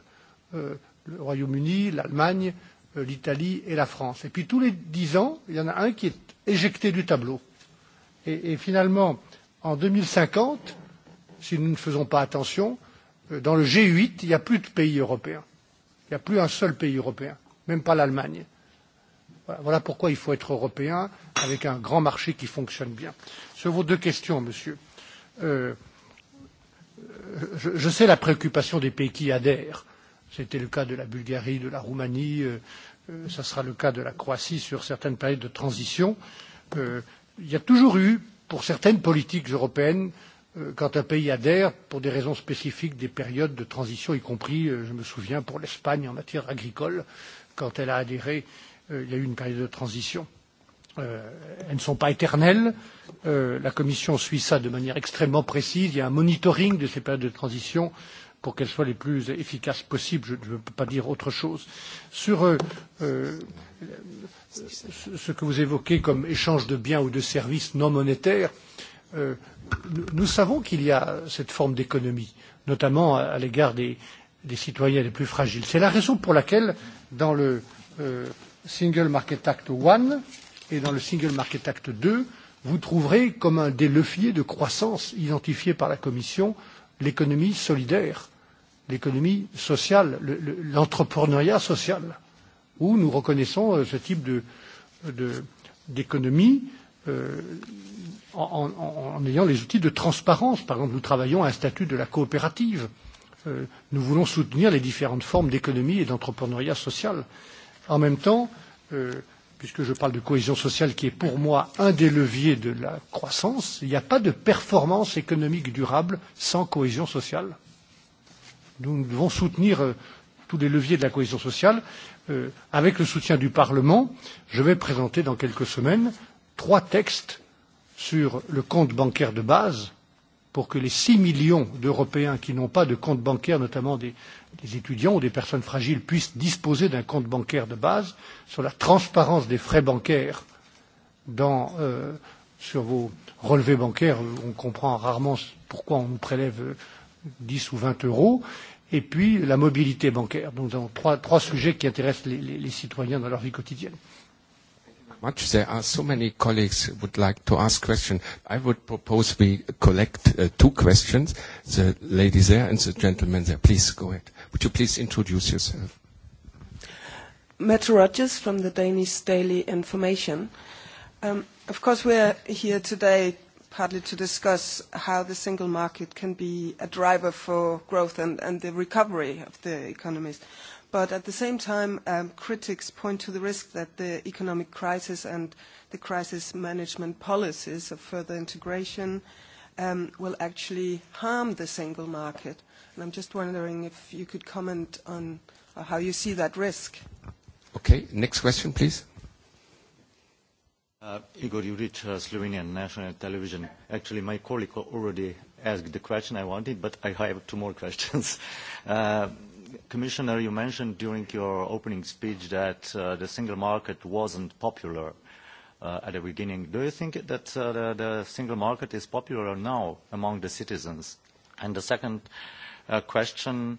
E: le Royaume Uni, l'Allemagne, l'Italie et la France. Et puis tous les dix ans, il y en a un qui est éjecté du tableau. Et finalement, en 2050, si nous ne faisons pas attention dans le g 8 il n'y a plus de pays européens il n'y a plus un seul pays européen même pas l'allemagne. voilà pourquoi il faut être européen avec un grand marché qui fonctionne bien. sur vos deux questions monsieur je sais la préoccupation des pays qui adhèrent c'était le cas de la bulgarie de la roumanie ce sera le cas de la croatie sur certaines périodes de transition. il y a toujours eu pour certaines politiques européennes quand un pays adhère pour des raisons spécifiques des périodes de transition y compris je me souviens pour l'espagne en matière agricole quand elle a adhéré il y a eu une période de transition elles ne sont pas éternelles la commission suit cela de manière extrêmement précise il y a un monitoring de ces périodes de transition pour qu'elles soient les plus efficaces possibles. Je ne peux pas dire autre chose. Sur ce que vous évoquez comme échange de biens ou de services non monétaires, nous savons qu'il y a cette forme d'économie, notamment à l'égard des citoyens les plus fragiles. C'est la raison pour laquelle, dans le Single Market Act I et dans le Single Market Act II, vous trouverez comme un des leviers de croissance identifiés par la Commission l'économie solidaire l'économie sociale, l'entrepreneuriat social, où nous reconnaissons ce type d'économie en ayant les outils de transparence. Par exemple, nous travaillons à un statut de la coopérative. Nous voulons soutenir les différentes formes d'économie et d'entrepreneuriat social. En même temps, puisque je parle de cohésion sociale qui est pour moi un des leviers de la croissance, il n'y a pas de performance économique durable sans cohésion sociale Nous devons soutenir tous les leviers de la cohésion sociale. Avec le soutien du Parlement, je vais présenter dans quelques semaines trois textes sur le compte bancaire de base pour que les six millions d'Européens qui n'ont pas de compte bancaire, notamment des étudiants ou des personnes fragiles, puissent disposer d'un compte bancaire de base sur la transparence des frais bancaires sur vos relevés bancaires. On comprend rarement pourquoi on nous prélève 10 ou 20 euros, et puis la mobilité bancaire. Donc nous avons trois, trois sujets qui intéressent les, les, les citoyens dans leur vie quotidienne.
A: Much there are so many colleagues would like to ask questions. I would propose we collect two questions. The lady there and the gentleman there. Please go ahead. Would you please introduce yourself?
C: Matt Rogers from the Danish Daily Information. Of course, we are here today Hardly to discuss how the single market can be a driver for growth and the recovery of the economies. But at the same time, critics point to the risk that the economic crisis and the crisis management policies of further integration will actually harm the single market. And I'm just wondering if you could comment on how you see that risk.
A: Okay, next question, please.
B: Igor Juric, Slovenian National Television. Actually, my colleague already asked the question I wanted, but I have two more questions. Commissioner, you mentioned during your opening speech that the single market wasn't popular at the beginning. Do you think that the single market is popular now among the citizens? And the second question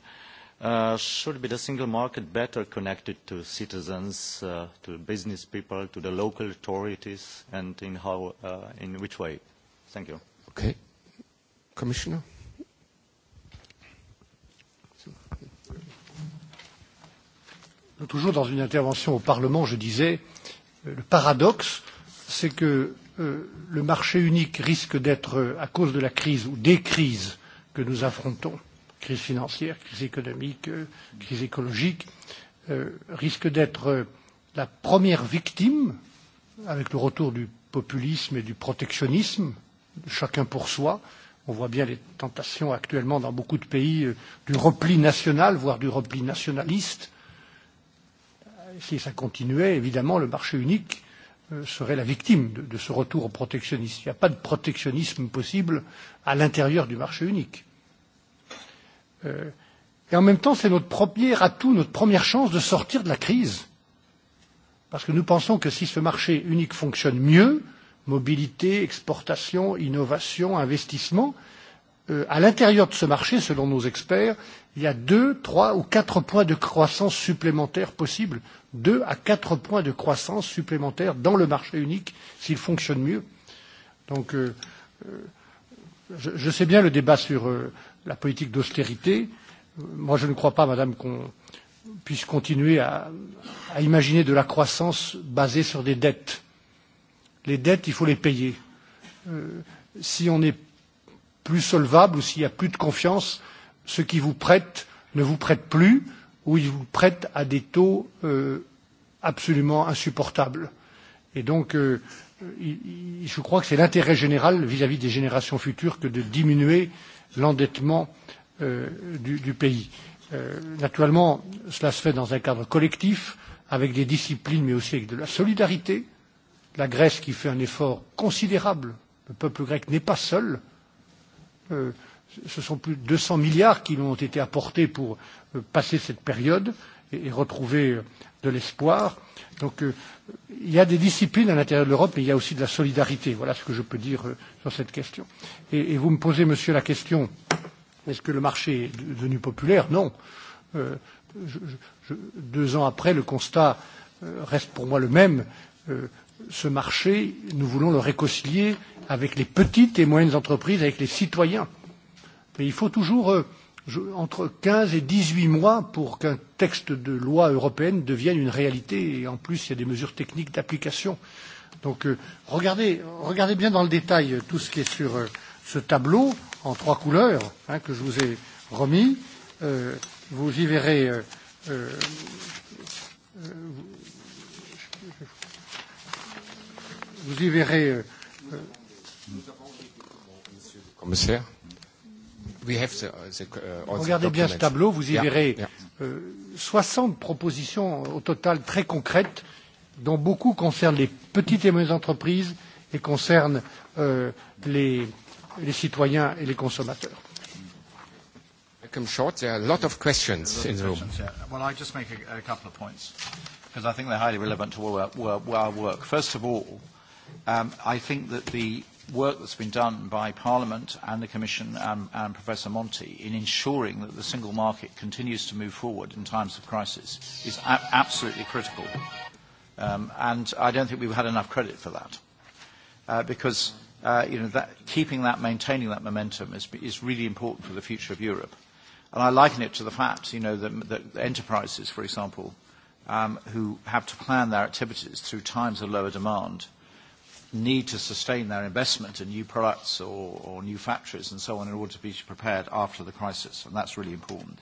B: Should be the single market better connected to citizens, to business people, to the local authorities, and in how, in which way? Thank you.
A: Okay, Commissioner.
E: Toujours dans une intervention au Parlement, je disais, le paradoxe, c'est que le marché unique risque d'être, à cause de la crise ou des crises que nous affrontons crise financière, crise économique, crise écologique, risque d'être la première victime, avec le retour du populisme et du protectionnisme, chacun pour soi. On voit bien les tentations actuellement dans beaucoup de pays du repli national, voire du repli nationaliste. Si ça continuait, évidemment, le marché unique serait la victime de ce retour au protectionnisme. Il n'y a pas de protectionnisme possible à l'intérieur du marché unique Et en même temps, c'est notre premier atout, notre première chance de sortir de la crise. Parce que nous pensons que si ce marché unique fonctionne mieux, mobilité, exportation, innovation, investissement, à l'intérieur de ce marché, selon nos experts, il y a deux, trois ou quatre points de croissance supplémentaires possibles. Deux à quatre points de croissance supplémentaires dans le marché unique s'il fonctionne mieux. Donc, je sais bien le débat sur la politique d'austérité. Moi, je ne crois pas, Madame, qu'on puisse continuer à imaginer de la croissance basée sur des dettes. Les dettes, il faut les payer. Si on est plus solvable ou s'il n'y a plus de confiance, ceux qui vous prêtent ne vous prêtent plus ou ils vous prêtent à des taux absolument insupportables. Et donc, je crois que c'est l'intérêt général vis-à-vis des générations futures que de diminuer l'endettement du pays. Naturellement, cela se fait dans un cadre collectif, avec des disciplines, mais aussi avec de la solidarité. La Grèce qui fait un effort considérable, le peuple grec n'est pas seul. Ce sont plus de 200 milliards qui ont été apportés pour passer cette période et retrouver de l'espoir il y a des disciplines à l'intérieur de l'Europe, mais il y a aussi de la solidarité. Voilà ce que je peux dire sur cette question. Et, vous me posez, monsieur, la question, est-ce que le marché est devenu populaire Non. deux ans après, le constat reste pour moi le même. ce marché, nous voulons le réconcilier avec les petites et moyennes entreprises, avec les citoyens. Mais il faut toujours entre 15 et 18 mois pour qu'un texte de loi européenne devienne une réalité. Et en plus, il y a des mesures techniques d'application. Donc, regardez bien dans le détail tout ce qui est sur ce tableau en trois couleurs que je vous ai remis. Vous y verrez. Vous y verrez.
A: Commissaire Regardez bien ce tableau, vous y verrez
E: 60 propositions au total très concrètes, dont beaucoup concernent les petites et moyennes entreprises et concernent les les citoyens et les consommateurs.
B: Short, there are a lot
E: of questions
B: in the room. Well, I just make a couple of points because I think they're highly relevant to our work. First of all, I think that the work that's been done by Parliament and the Commission and Professor Monti in ensuring that the single market continues to move forward in times of crisis is absolutely critical. And I don't think we've had enough credit for that, because that keeping that, maintaining that momentum is is really important for the future of Europe. And I liken it to the fact that enterprises, for example, who have to plan their activities through times of lower demand need to sustain their investment in new products or new factories and so on in order to be prepared after the crisis, and that's really important.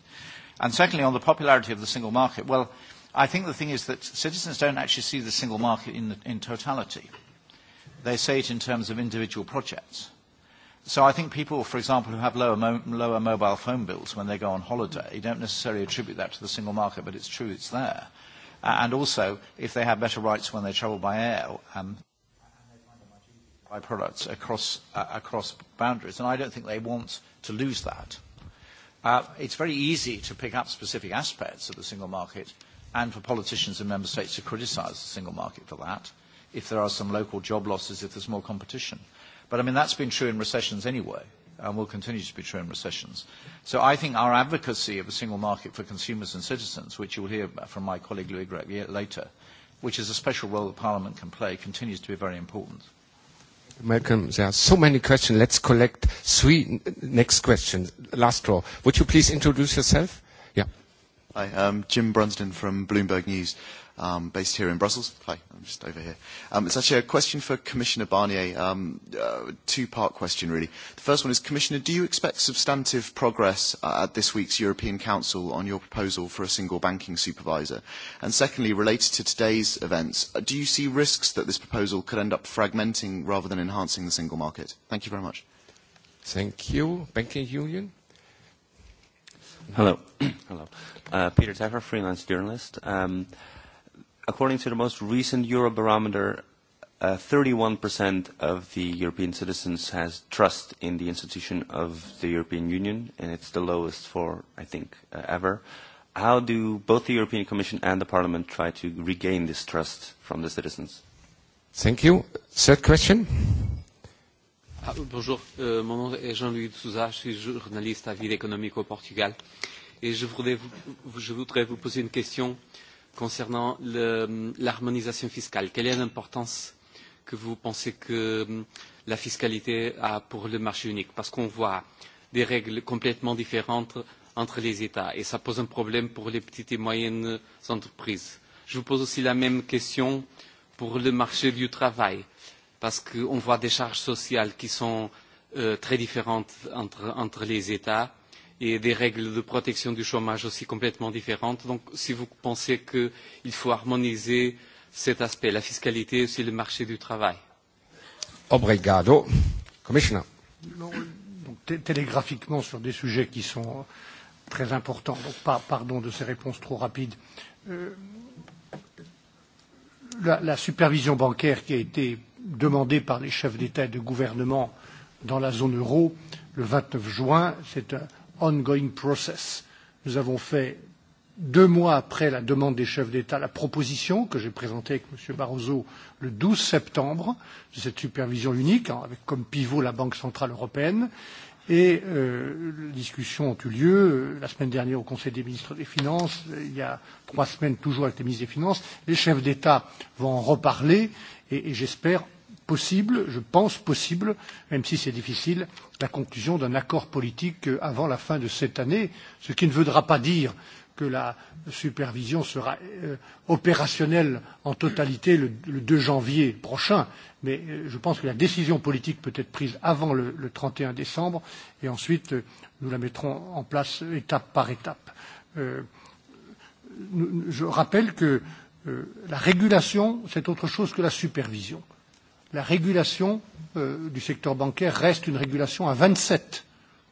B: And secondly, on the popularity of the single market, well, I think the thing is that citizens don't actually see the single market in totality. They say it in terms of individual projects. So I think people, for example, who have lower lower mobile phone bills when they go on holiday don't necessarily attribute that to the single market, but it's true it's there. And also, if they have better rights when they travel by air, products across across boundaries, and I don't think they want to lose that. It's very easy to pick up specific aspects of the single market, and for politicians in member states to criticize the single market for that, if there are some local job losses, if there's more competition. But I mean that's been true in recessions anyway, and will continue to be true in recessions. So I think our advocacy of a single market for consumers and citizens, which you will hear from my colleague Louis Grec later, which is a special role that Parliament can play, continues to be very important.
A: Malcolm, there are so many questions. Let's collect three next questions. Last row. Would you please introduce yourself? Yeah.
B: Hi, I'm Jim Brunsden from Bloomberg News um, based here in Brussels. Hi, I'm just over here. Um, it's actually a question for Commissioner Barnier, um, uh, two-part question really. The first one is, Commissioner, do you expect substantive progress uh, at this week's European Council on your proposal for a single banking supervisor? And secondly, related to today's events, do you see risks that this proposal could end up fragmenting rather than enhancing the single market? Thank you very much. Thank you. Banking Union? Hello. Hello.
D: Uh, Peter Taffer, freelance journalist. Um, according to the most recent Eurobarometer, 31% of the European citizens has trust in the institution of the European Union, and it's the lowest for, I think, ever. How do both the European Commission and the Parliament try to regain this trust from the citizens?
A: Thank you. Third question.
D: Bonjour, mon nom est Jean-Louis de Souza, je suis journaliste à Ville économique au Portugal. Et je voudrais vous poser une question concernant l'harmonisation fiscale. Quelle est l'importance que vous pensez que la fiscalité a pour le marché unique Parce qu'on voit des règles complètement différentes entre les États et ça pose un problème pour les petites et moyennes entreprises. Je vous pose aussi la même question pour le marché du travail parce qu'on voit des charges sociales qui sont très différentes entre les États et des règles de protection du chômage aussi complètement différentes. Donc, si vous pensez qu'il faut harmoniser cet aspect, la fiscalité et aussi le marché du travail.
A: Obrigado. Commissioner.
E: Télégraphiquement, sur des sujets qui sont très importants, donc pardon de ces réponses trop rapides. La supervision bancaire qui a été demandée par les chefs d'État et de gouvernement dans la zone euro le 29 juin, c'est un ongoing process. Nous avons fait, deux mois après la demande des chefs d'État, la proposition que j'ai présentée avec M. Barroso le 12 septembre de cette supervision unique, avec comme pivot la Banque centrale européenne. Et les discussions ont eu lieu la semaine dernière au Conseil des ministres des Finances, il y a trois semaines toujours avec les ministres des Finances. Les chefs d'État vont en reparler et j'espère possible, je pense possible, même si c'est difficile, la conclusion d'un accord politique avant la fin de cette année, ce qui ne voudra pas dire que la supervision sera opérationnelle en totalité le 2 janvier prochain, mais je pense que la décision politique peut être prise avant le 31 décembre et ensuite nous la mettrons en place étape par étape. Je rappelle que la régulation, c'est autre chose que la supervision la régulation du secteur bancaire reste une régulation à 27.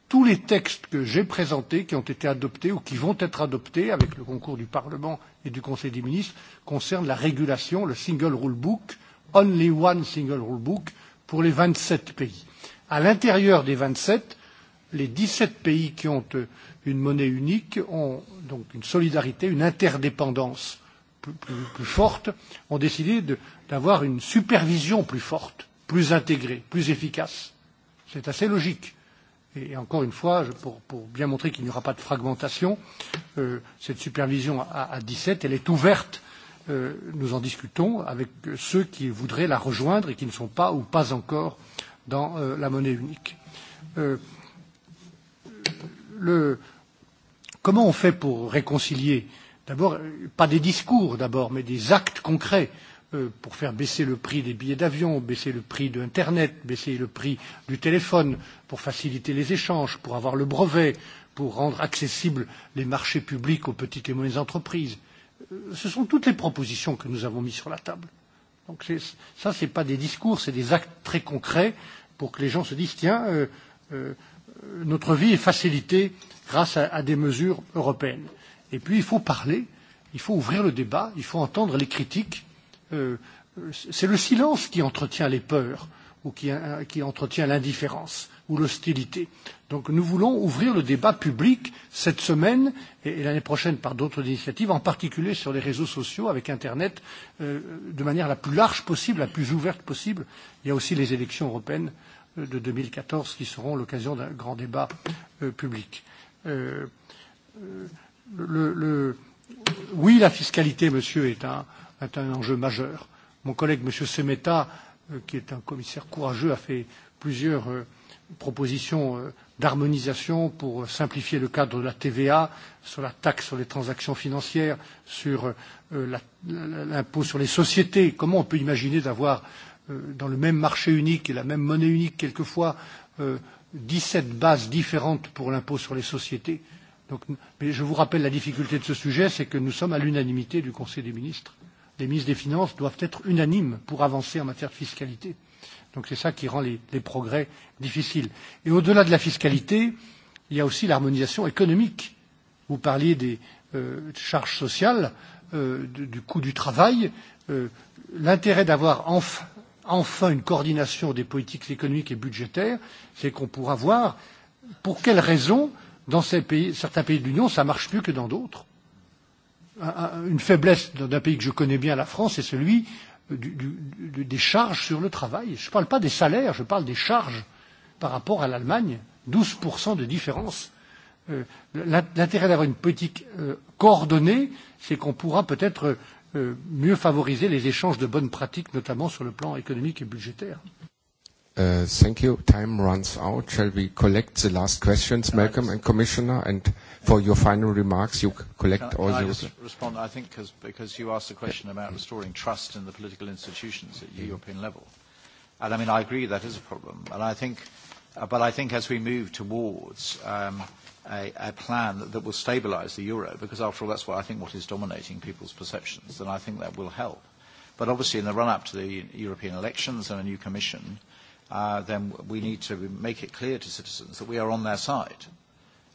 E: Tous les textes que j'ai présentés, qui ont été adoptés ou qui vont être adoptés avec le concours du Parlement et du Conseil des ministres, concernent la régulation, le single rule book, only one single rule book, pour les 27 pays. À l'intérieur des 27, les 17 pays qui ont une monnaie unique ont donc une solidarité, une interdépendance plus fortes ont décidé d'avoir une supervision plus forte, plus intégrée, plus efficace. C'est assez logique. Et encore une fois, pour bien montrer qu'il n'y aura pas de fragmentation, cette supervision à 17, elle est ouverte. Nous en discutons avec ceux qui voudraient la rejoindre et qui ne sont pas ou pas encore dans la monnaie unique. Comment on fait pour réconcilier d'abord, pas des discours d'abord, mais des actes concrets pour faire baisser le prix des billets d'avion, baisser le prix de l'Internet, baisser le prix du téléphone, pour faciliter les échanges, pour avoir le brevet, pour rendre accessibles les marchés publics aux petites et moyennes entreprises. Ce sont toutes les propositions que nous avons mises sur la table. Donc ça, ce n'est pas des discours, c'est des actes très concrets pour que les gens se disent, tiens, notre vie est facilitée grâce à des mesures européennes. Et puis, il faut parler, il faut ouvrir le débat, il faut entendre les critiques. C'est le silence qui entretient les peurs ou qui entretient l'indifférence ou l'hostilité. Donc nous voulons ouvrir le débat public cette semaine et l'année prochaine par d'autres initiatives, en particulier sur les réseaux sociaux, avec Internet, de manière la plus large possible, la plus ouverte possible. Il y a aussi les élections européennes de 2014 qui seront l'occasion d'un grand débat public. Oui, la fiscalité, monsieur, est un enjeu majeur. Mon collègue, monsieur Semeta, qui est un commissaire courageux, a fait plusieurs propositions d'harmonisation pour simplifier le cadre de la TVA, sur la taxe sur les transactions financières, sur l'impôt sur les sociétés. Comment on peut imaginer d'avoir dans le même marché unique et la même monnaie unique, quelquefois, dix sept bases différentes pour l'impôt sur les sociétés mais je vous rappelle la difficulté de ce sujet, c'est que nous sommes à l'unanimité du Conseil des ministres. Les ministres des Finances doivent être unanimes pour avancer en matière de fiscalité. Donc c'est ça qui rend les, progrès difficiles. Et au-delà de la fiscalité, il y a aussi l'harmonisation économique. Vous parliez des charges sociales, du coût du travail. L'intérêt d'avoir enfin enfin une coordination des politiques économiques et budgétaires, c'est qu'on pourra voir pour quelles raisons dans certains pays de l'Union, ça marche mieux que dans d'autres. Une faiblesse d'un pays que je connais bien, la France, c'est celui des charges sur le travail. Je ne parle pas des salaires, je parle des charges par rapport à l'Allemagne. 12% de différence. L'intérêt d'avoir une politique coordonnée, c'est qu'on pourra peut-être mieux favoriser les échanges de bonnes pratiques, notamment sur le plan économique et budgétaire.
A: Thank you. Time runs out. Shall we collect the last questions, Malcolm and Commissioner, and for your final remarks, you collect all those.
B: I respond? I think because you asked the question about restoring trust in the political institutions at European level, and I mean I agree that is a problem, and I think, but I think as we move towards a plan that will stabilise the euro, because after all that's what I think what is dominating people's perceptions, and I think that will help. But obviously in the run up to the European elections and a new Commission then we need to make it clear to citizens that we are on their side.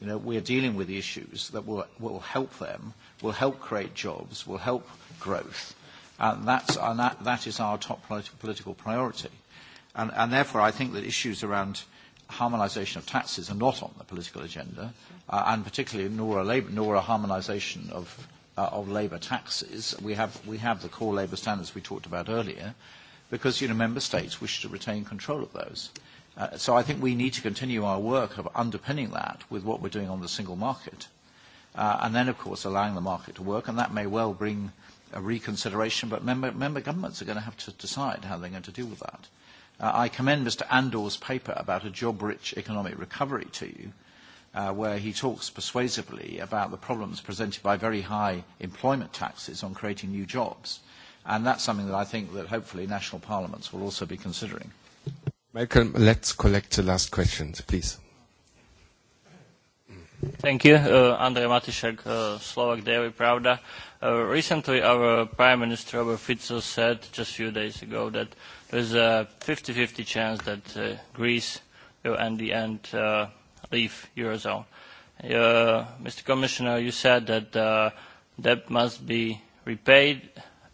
B: You know, we are dealing with the issues that will, will help them, will help create jobs, will help growth. And that's, and that, that is our top political priority. And, and therefore, I think that issues around harmonisation of taxes are not on the political agenda, and particularly nor a, labor, a harmonisation of, of labour taxes. We have, we have the core labour standards we talked about earlier, because, you know, member states wish to retain control of those. So I think we need to continue our work of underpinning that with what we're doing on the single market. And then, of course, allowing the market to work. And that may well bring a reconsideration, but member governments are going to have to decide how they're going to deal with that. I commend Mr. Andor's paper about a job-rich economic recovery to you, where he talks persuasively about the problems presented by very high employment taxes on creating new jobs. And that's something that I think that hopefully national parliaments will also be considering.
A: Malcolm, let's collect the last questions, please.
B: Thank you. Andrej uh, Slovak
A: Daily Pravda. Recently, our Prime Minister, Robert Fico, said just a few days ago that there's a 50-50 chance that Greece will, in the end, leave Eurozone. Mr. Commissioner, you said that debt must be repaid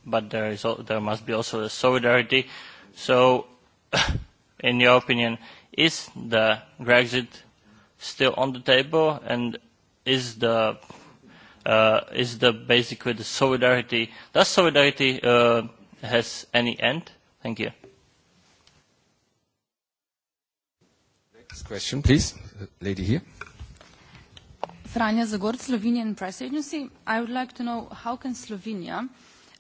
A: but there is there must be also a solidarity. So, in your opinion, is the Brexit still on the table, and is the is the basically the solidarity does solidarity has any end? Thank you. Next question, please, lady here.
C: Franja Zagor, Slovenian press agency. I would like to know how can Slovenia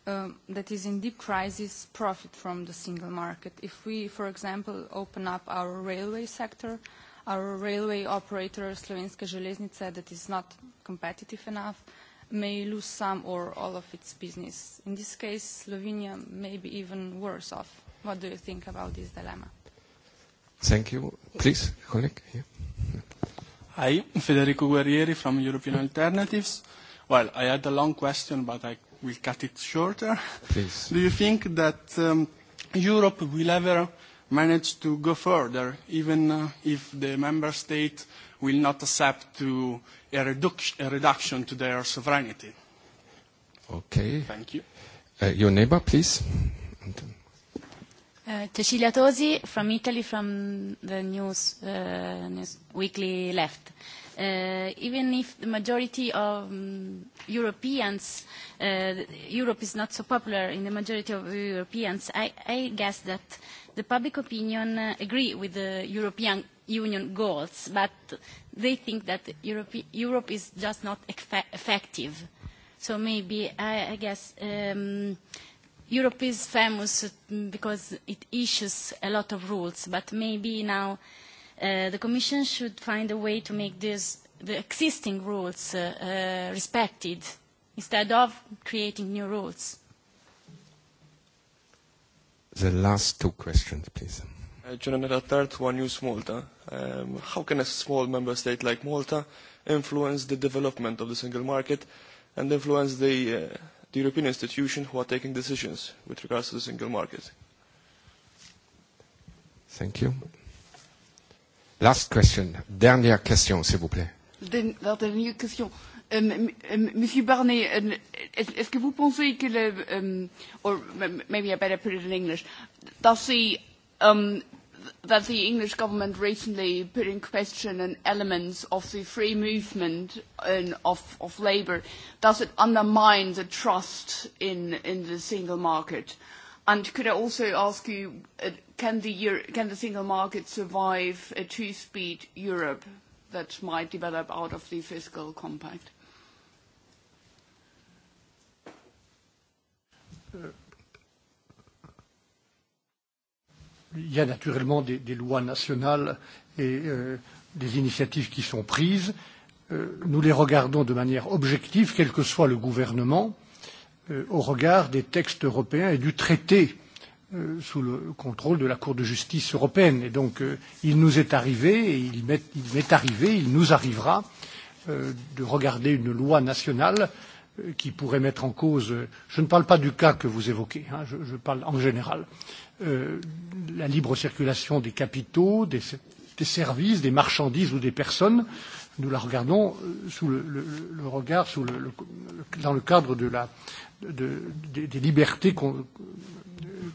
C: that is in deep crisis profit from the single market. If we, for example, open up our railway sector, our railway operator, Slovenska železnica, that is not competitive enough, may lose some or all of its business. In this case, Slovenia may be even worse off. What do you think about this dilemma?
A: Thank you. Please, colleague.
D: Hi, Federico Guerrieri from European Alternatives. Well, I had a long question, but I will cut it shorter. Do you think that Europe will ever manage to go further, even if the member state will not accept to a reduction to their sovereignty?
A: Okay. Thank you. Your neighbor, please.
C: Cecilia Tosi from Italy, from the news weekly left. Even if the majority of Europeans, Europe is not so popular in the majority of Europeans, I guess that the public opinion agree with the European Union goals, but they think that Europe is just not effective. So maybe I guess Europe is famous because it issues a lot of rules, but maybe now the Commission should find a way to make these the existing rules respected instead of creating new rules.
A: The last two questions, please.
C: General third One Malta. How can a small member state like Malta influence the development of the single market and influence the the European institutions who are taking decisions with regards to the single market.
A: Thank you. Last question. Dernière question, s'il vous plaît.
C: Dernière question. Monsieur Barnier, est-ce que vous pensez que le, or maybe I better put it in English, does the that the English government recently put in question an elements of the free movement of labour, does it undermine the trust in the single market? And could I also ask you, can the single market survive a two-speed Europe that might develop out of the fiscal compact?
E: Il y a naturellement des lois nationales et des initiatives qui sont prises. Nous les regardons de manière objective, quel que soit le gouvernement, au regard des textes européens et du traité sous le contrôle de la Cour de justice européenne. Et donc, il nous est arrivé, et il m'est arrivé, il nous arrivera de regarder une loi nationale qui pourrait mettre en cause. Je ne parle pas du cas que vous évoquez, je parle en général la libre circulation des capitaux, des services, des marchandises ou des personnes. Nous la regardons sous le regard, dans le cadre des libertés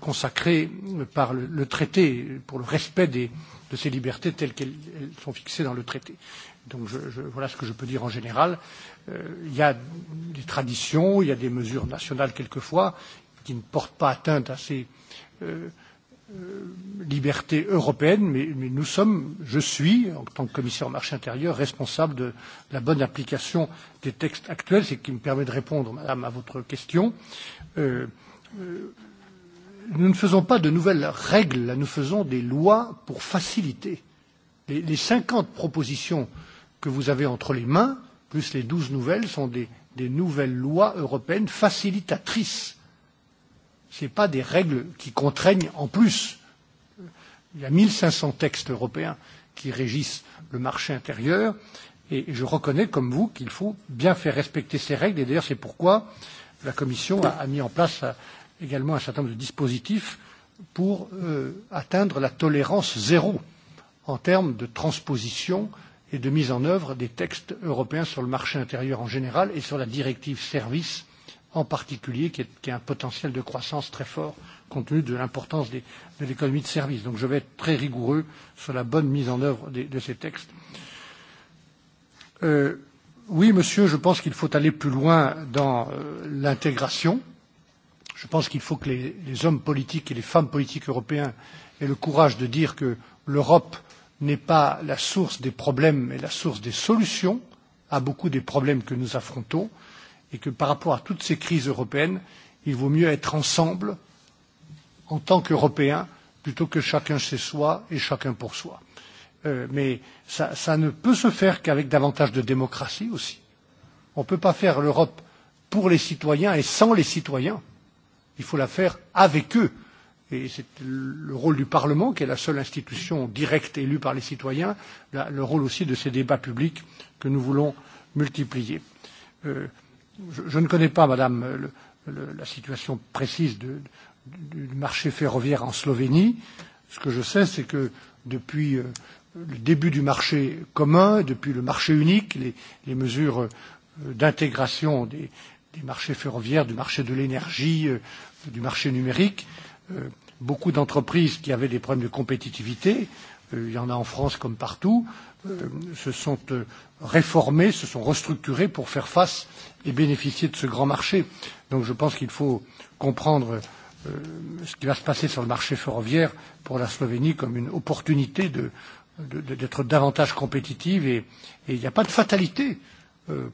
E: consacrées par le traité, pour le respect de ces libertés telles qu'elles sont fixées dans le traité. Donc voilà ce que je peux dire en général. Il y a des traditions, il y a des mesures nationales quelquefois qui ne portent pas atteinte à ces liberté européenne, mais nous sommes, je suis, en tant que commissaire au marché intérieur, responsable de la bonne application des textes actuels, ce qui me permet de répondre, Madame, à votre question. Nous ne faisons pas de nouvelles règles, nous faisons des lois pour faciliter. Les 50 propositions que vous avez entre les mains, plus les 12 nouvelles, sont des nouvelles lois européennes facilitatrices Ce sont pas des règles qui contraignent en plus. Il y a 1500 textes européens qui régissent le marché intérieur et je reconnais comme vous qu'il faut bien faire respecter ces règles et d'ailleurs c'est pourquoi la Commission a mis en place également un certain nombre de dispositifs pour atteindre la tolérance zéro en termes de transposition et de mise en œuvre des textes européens sur le marché intérieur en général et sur la directive services en particulier, qui a un potentiel de croissance très fort, compte tenu de l'importance de l'économie de services. Donc je vais être très rigoureux sur la bonne mise en œuvre de ces textes. Oui, monsieur, je pense qu'il faut aller plus loin dans l'intégration. Je pense qu'il faut que les hommes politiques et les femmes politiques européens aient le courage de dire que l'Europe n'est pas la source des problèmes, mais la source des solutions à beaucoup des problèmes que nous affrontons et que par rapport à toutes ces crises européennes, il vaut mieux être ensemble en tant qu'Européens plutôt que chacun chez soi et chacun pour soi. Mais ça ne peut se faire qu'avec davantage de démocratie aussi. On ne peut pas faire l'Europe pour les citoyens et sans les citoyens. Il faut la faire avec eux. Et c'est le rôle du Parlement, qui est la seule institution directe élue par les citoyens, le rôle aussi de ces débats publics que nous voulons multiplier. Je ne connais pas, Madame, la situation précise du marché ferroviaire en Slovénie. Ce que je sais, c'est que depuis le début du marché commun, depuis le marché unique, les mesures d'intégration des marchés ferroviaires, du marché de l'énergie, du marché numérique, beaucoup d'entreprises qui avaient des problèmes de compétitivité il y en a en France comme partout, se sont réformés, se sont restructurés pour faire face et bénéficier de ce grand marché. Donc je pense qu'il faut comprendre ce qui va se passer sur le marché ferroviaire pour la Slovénie comme une opportunité d'être davantage compétitive et il n'y a pas de fatalité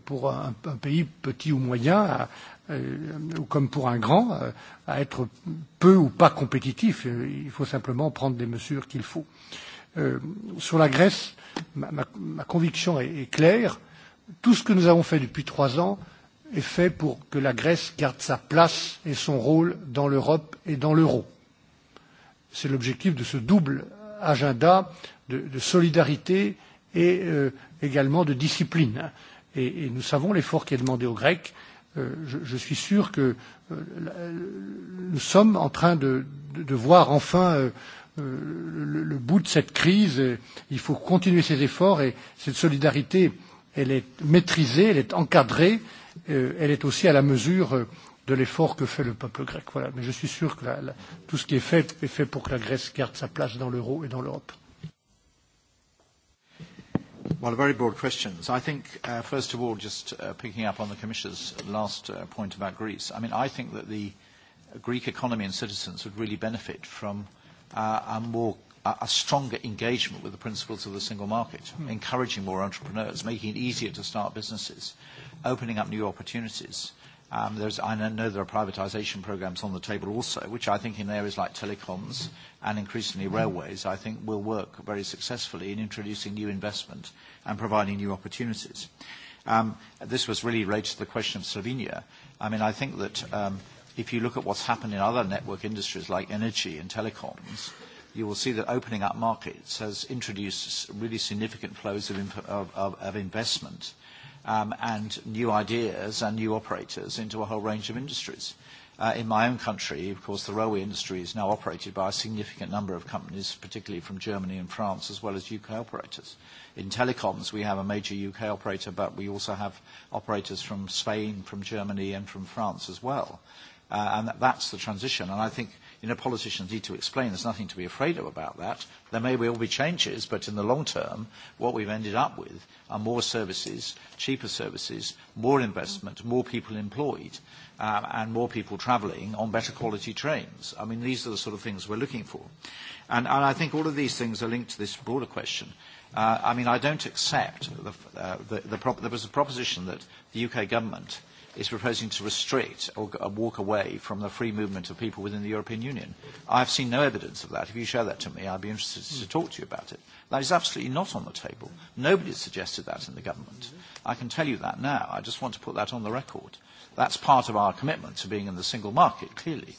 E: pour un pays petit ou moyen ou comme pour un grand à être peu ou pas compétitif. Il faut simplement prendre les mesures qu'il faut. Sur la Grèce, ma conviction est claire. Tout ce que nous avons fait depuis trois ans est fait pour que la Grèce garde sa place et son rôle dans l'Europe et dans l'euro. C'est l'objectif de ce double agenda de solidarité et également de discipline. Et nous savons l'effort qui est demandé aux Grecs. Je suis sûr que nous sommes en train de voir enfin le bout de cette crise. Il faut continuer ces efforts et cette solidarité, elle est maîtrisée, elle est encadrée, elle est aussi à la mesure de l'effort que fait le peuple grec. Voilà. Mais je suis sûr que tout ce qui est fait est fait pour que la Grèce garde sa place dans l'euro et dans l'Europe.
B: Well, very broad questions. I think, first of all, just picking up on the Commissioner's last point about Greece. I mean, I think that the Greek economy and citizens would really benefit from a more a stronger engagement with the principles of the single market, encouraging more entrepreneurs, making it easier to start businesses, opening up new opportunities. There's, I know there are privatization programmes on the table also, which I think in areas like telecoms and increasingly railways, I think will work very successfully in introducing new investment and providing new opportunities. This was really related to the question of Slovenia. I mean, I think that if you look at what's happened in other network industries like energy and telecoms, you will see that opening up markets has introduced really significant flows of investment and new ideas and new operators into a whole range of industries. In my own country, of course, the railway industry is now operated by a significant number of companies, particularly from Germany and France, as well as UK operators. In telecoms, we have a major UK operator, but we also have operators from Spain, from Germany, and from France as well and that's the transition. And I think you know, politicians need to explain there's nothing to be afraid of about that. There may well be changes, but in the long term, what we've ended up with are more services, cheaper services, more investment, more people employed, and more people travelling on better quality trains. I mean, these are the sort of things we're looking for. And I think all of these things are linked to this broader question. I mean, I don't accept the there was a proposition that the UK government is proposing to restrict or walk away from the free movement of people within the European Union. I have seen no evidence of that. If you show that to me, I'd be interested to talk to you about it. That is absolutely not on the table. Nobody has suggested that in the government. I can tell you that now. I just want to put that on the record. That's part of our commitment to being in the single market, clearly.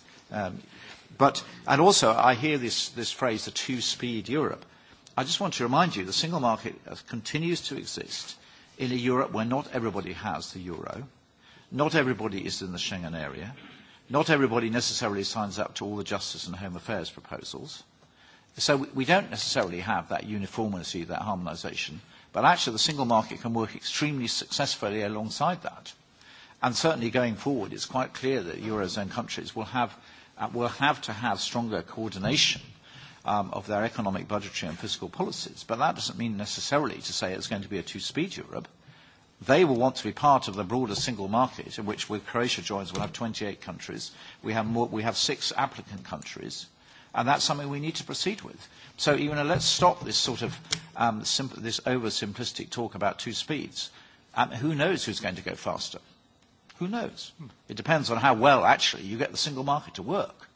B: But, and also, I hear this, this phrase, the two-speed Europe. I just want to remind you, the single market continues to exist in a Europe where not everybody has the euro Not everybody is in the Schengen area. Not everybody necessarily signs up to all the justice and home affairs proposals. So we don't necessarily have that uniformity, that harmonisation. But actually the single market can work extremely successfully alongside that. And certainly going forward, it's quite clear that Eurozone countries will have will have to have stronger coordination of their economic, budgetary and fiscal policies. But that doesn't mean necessarily to say it's going to be a two-speed Europe. They will want to be part of the broader single market, in which with Croatia joins, we'll have 28 countries. We have we have six applicant countries, and that's something we need to proceed with. So, even let's stop this sort of um, this oversimplistic talk about two speeds. Um, who knows who's going to go faster? Who knows? It depends on how well, actually, you get the single market to work.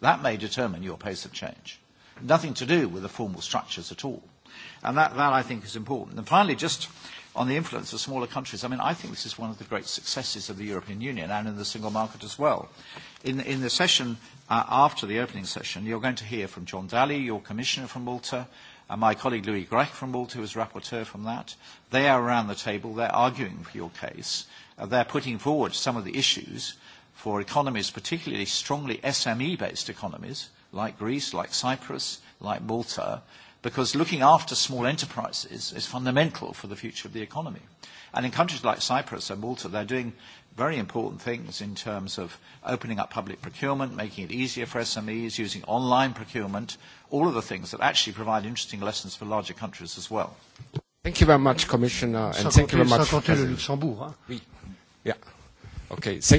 B: That may determine your pace of change. Nothing to do with the formal structures at all. And that, that I think, is important. And finally, just on the influence of smaller countries. I mean, I think this is one of the great successes of the European Union and in the single market as well. In, in the session after the opening session, you're going to hear from John Daly, your commissioner from Malta, and my colleague Louis Grech from Malta, who is rapporteur from that. They are around the table. They're arguing for your case. They're putting forward some of the issues for economies, particularly strongly SME-based economies, like Greece, like Cyprus, like Malta, because looking after small enterprises is fundamental for the future of the economy. And in countries like Cyprus and Malta, they're doing very important things in terms of opening up public procurement, making it easier for SMEs, using online procurement, all of the things that actually provide interesting lessons for larger countries as well. Thank you
A: very much, Commissioner, and thank you very much. Thank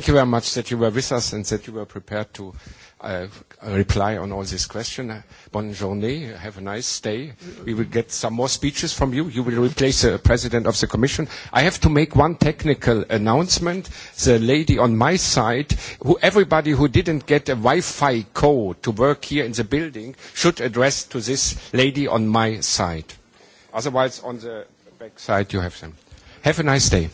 A: you very much that you were with us and that you were prepared to reply on all these questions. Bonne journée. Have a nice day. We will get some more speeches from you. You will replace the President of the Commission. I have to make one technical announcement. The lady on my side, who everybody who didn't get a Wi-Fi code to work here in the building should address to this lady on my side. Otherwise, on the back side, you have them. Have a nice day.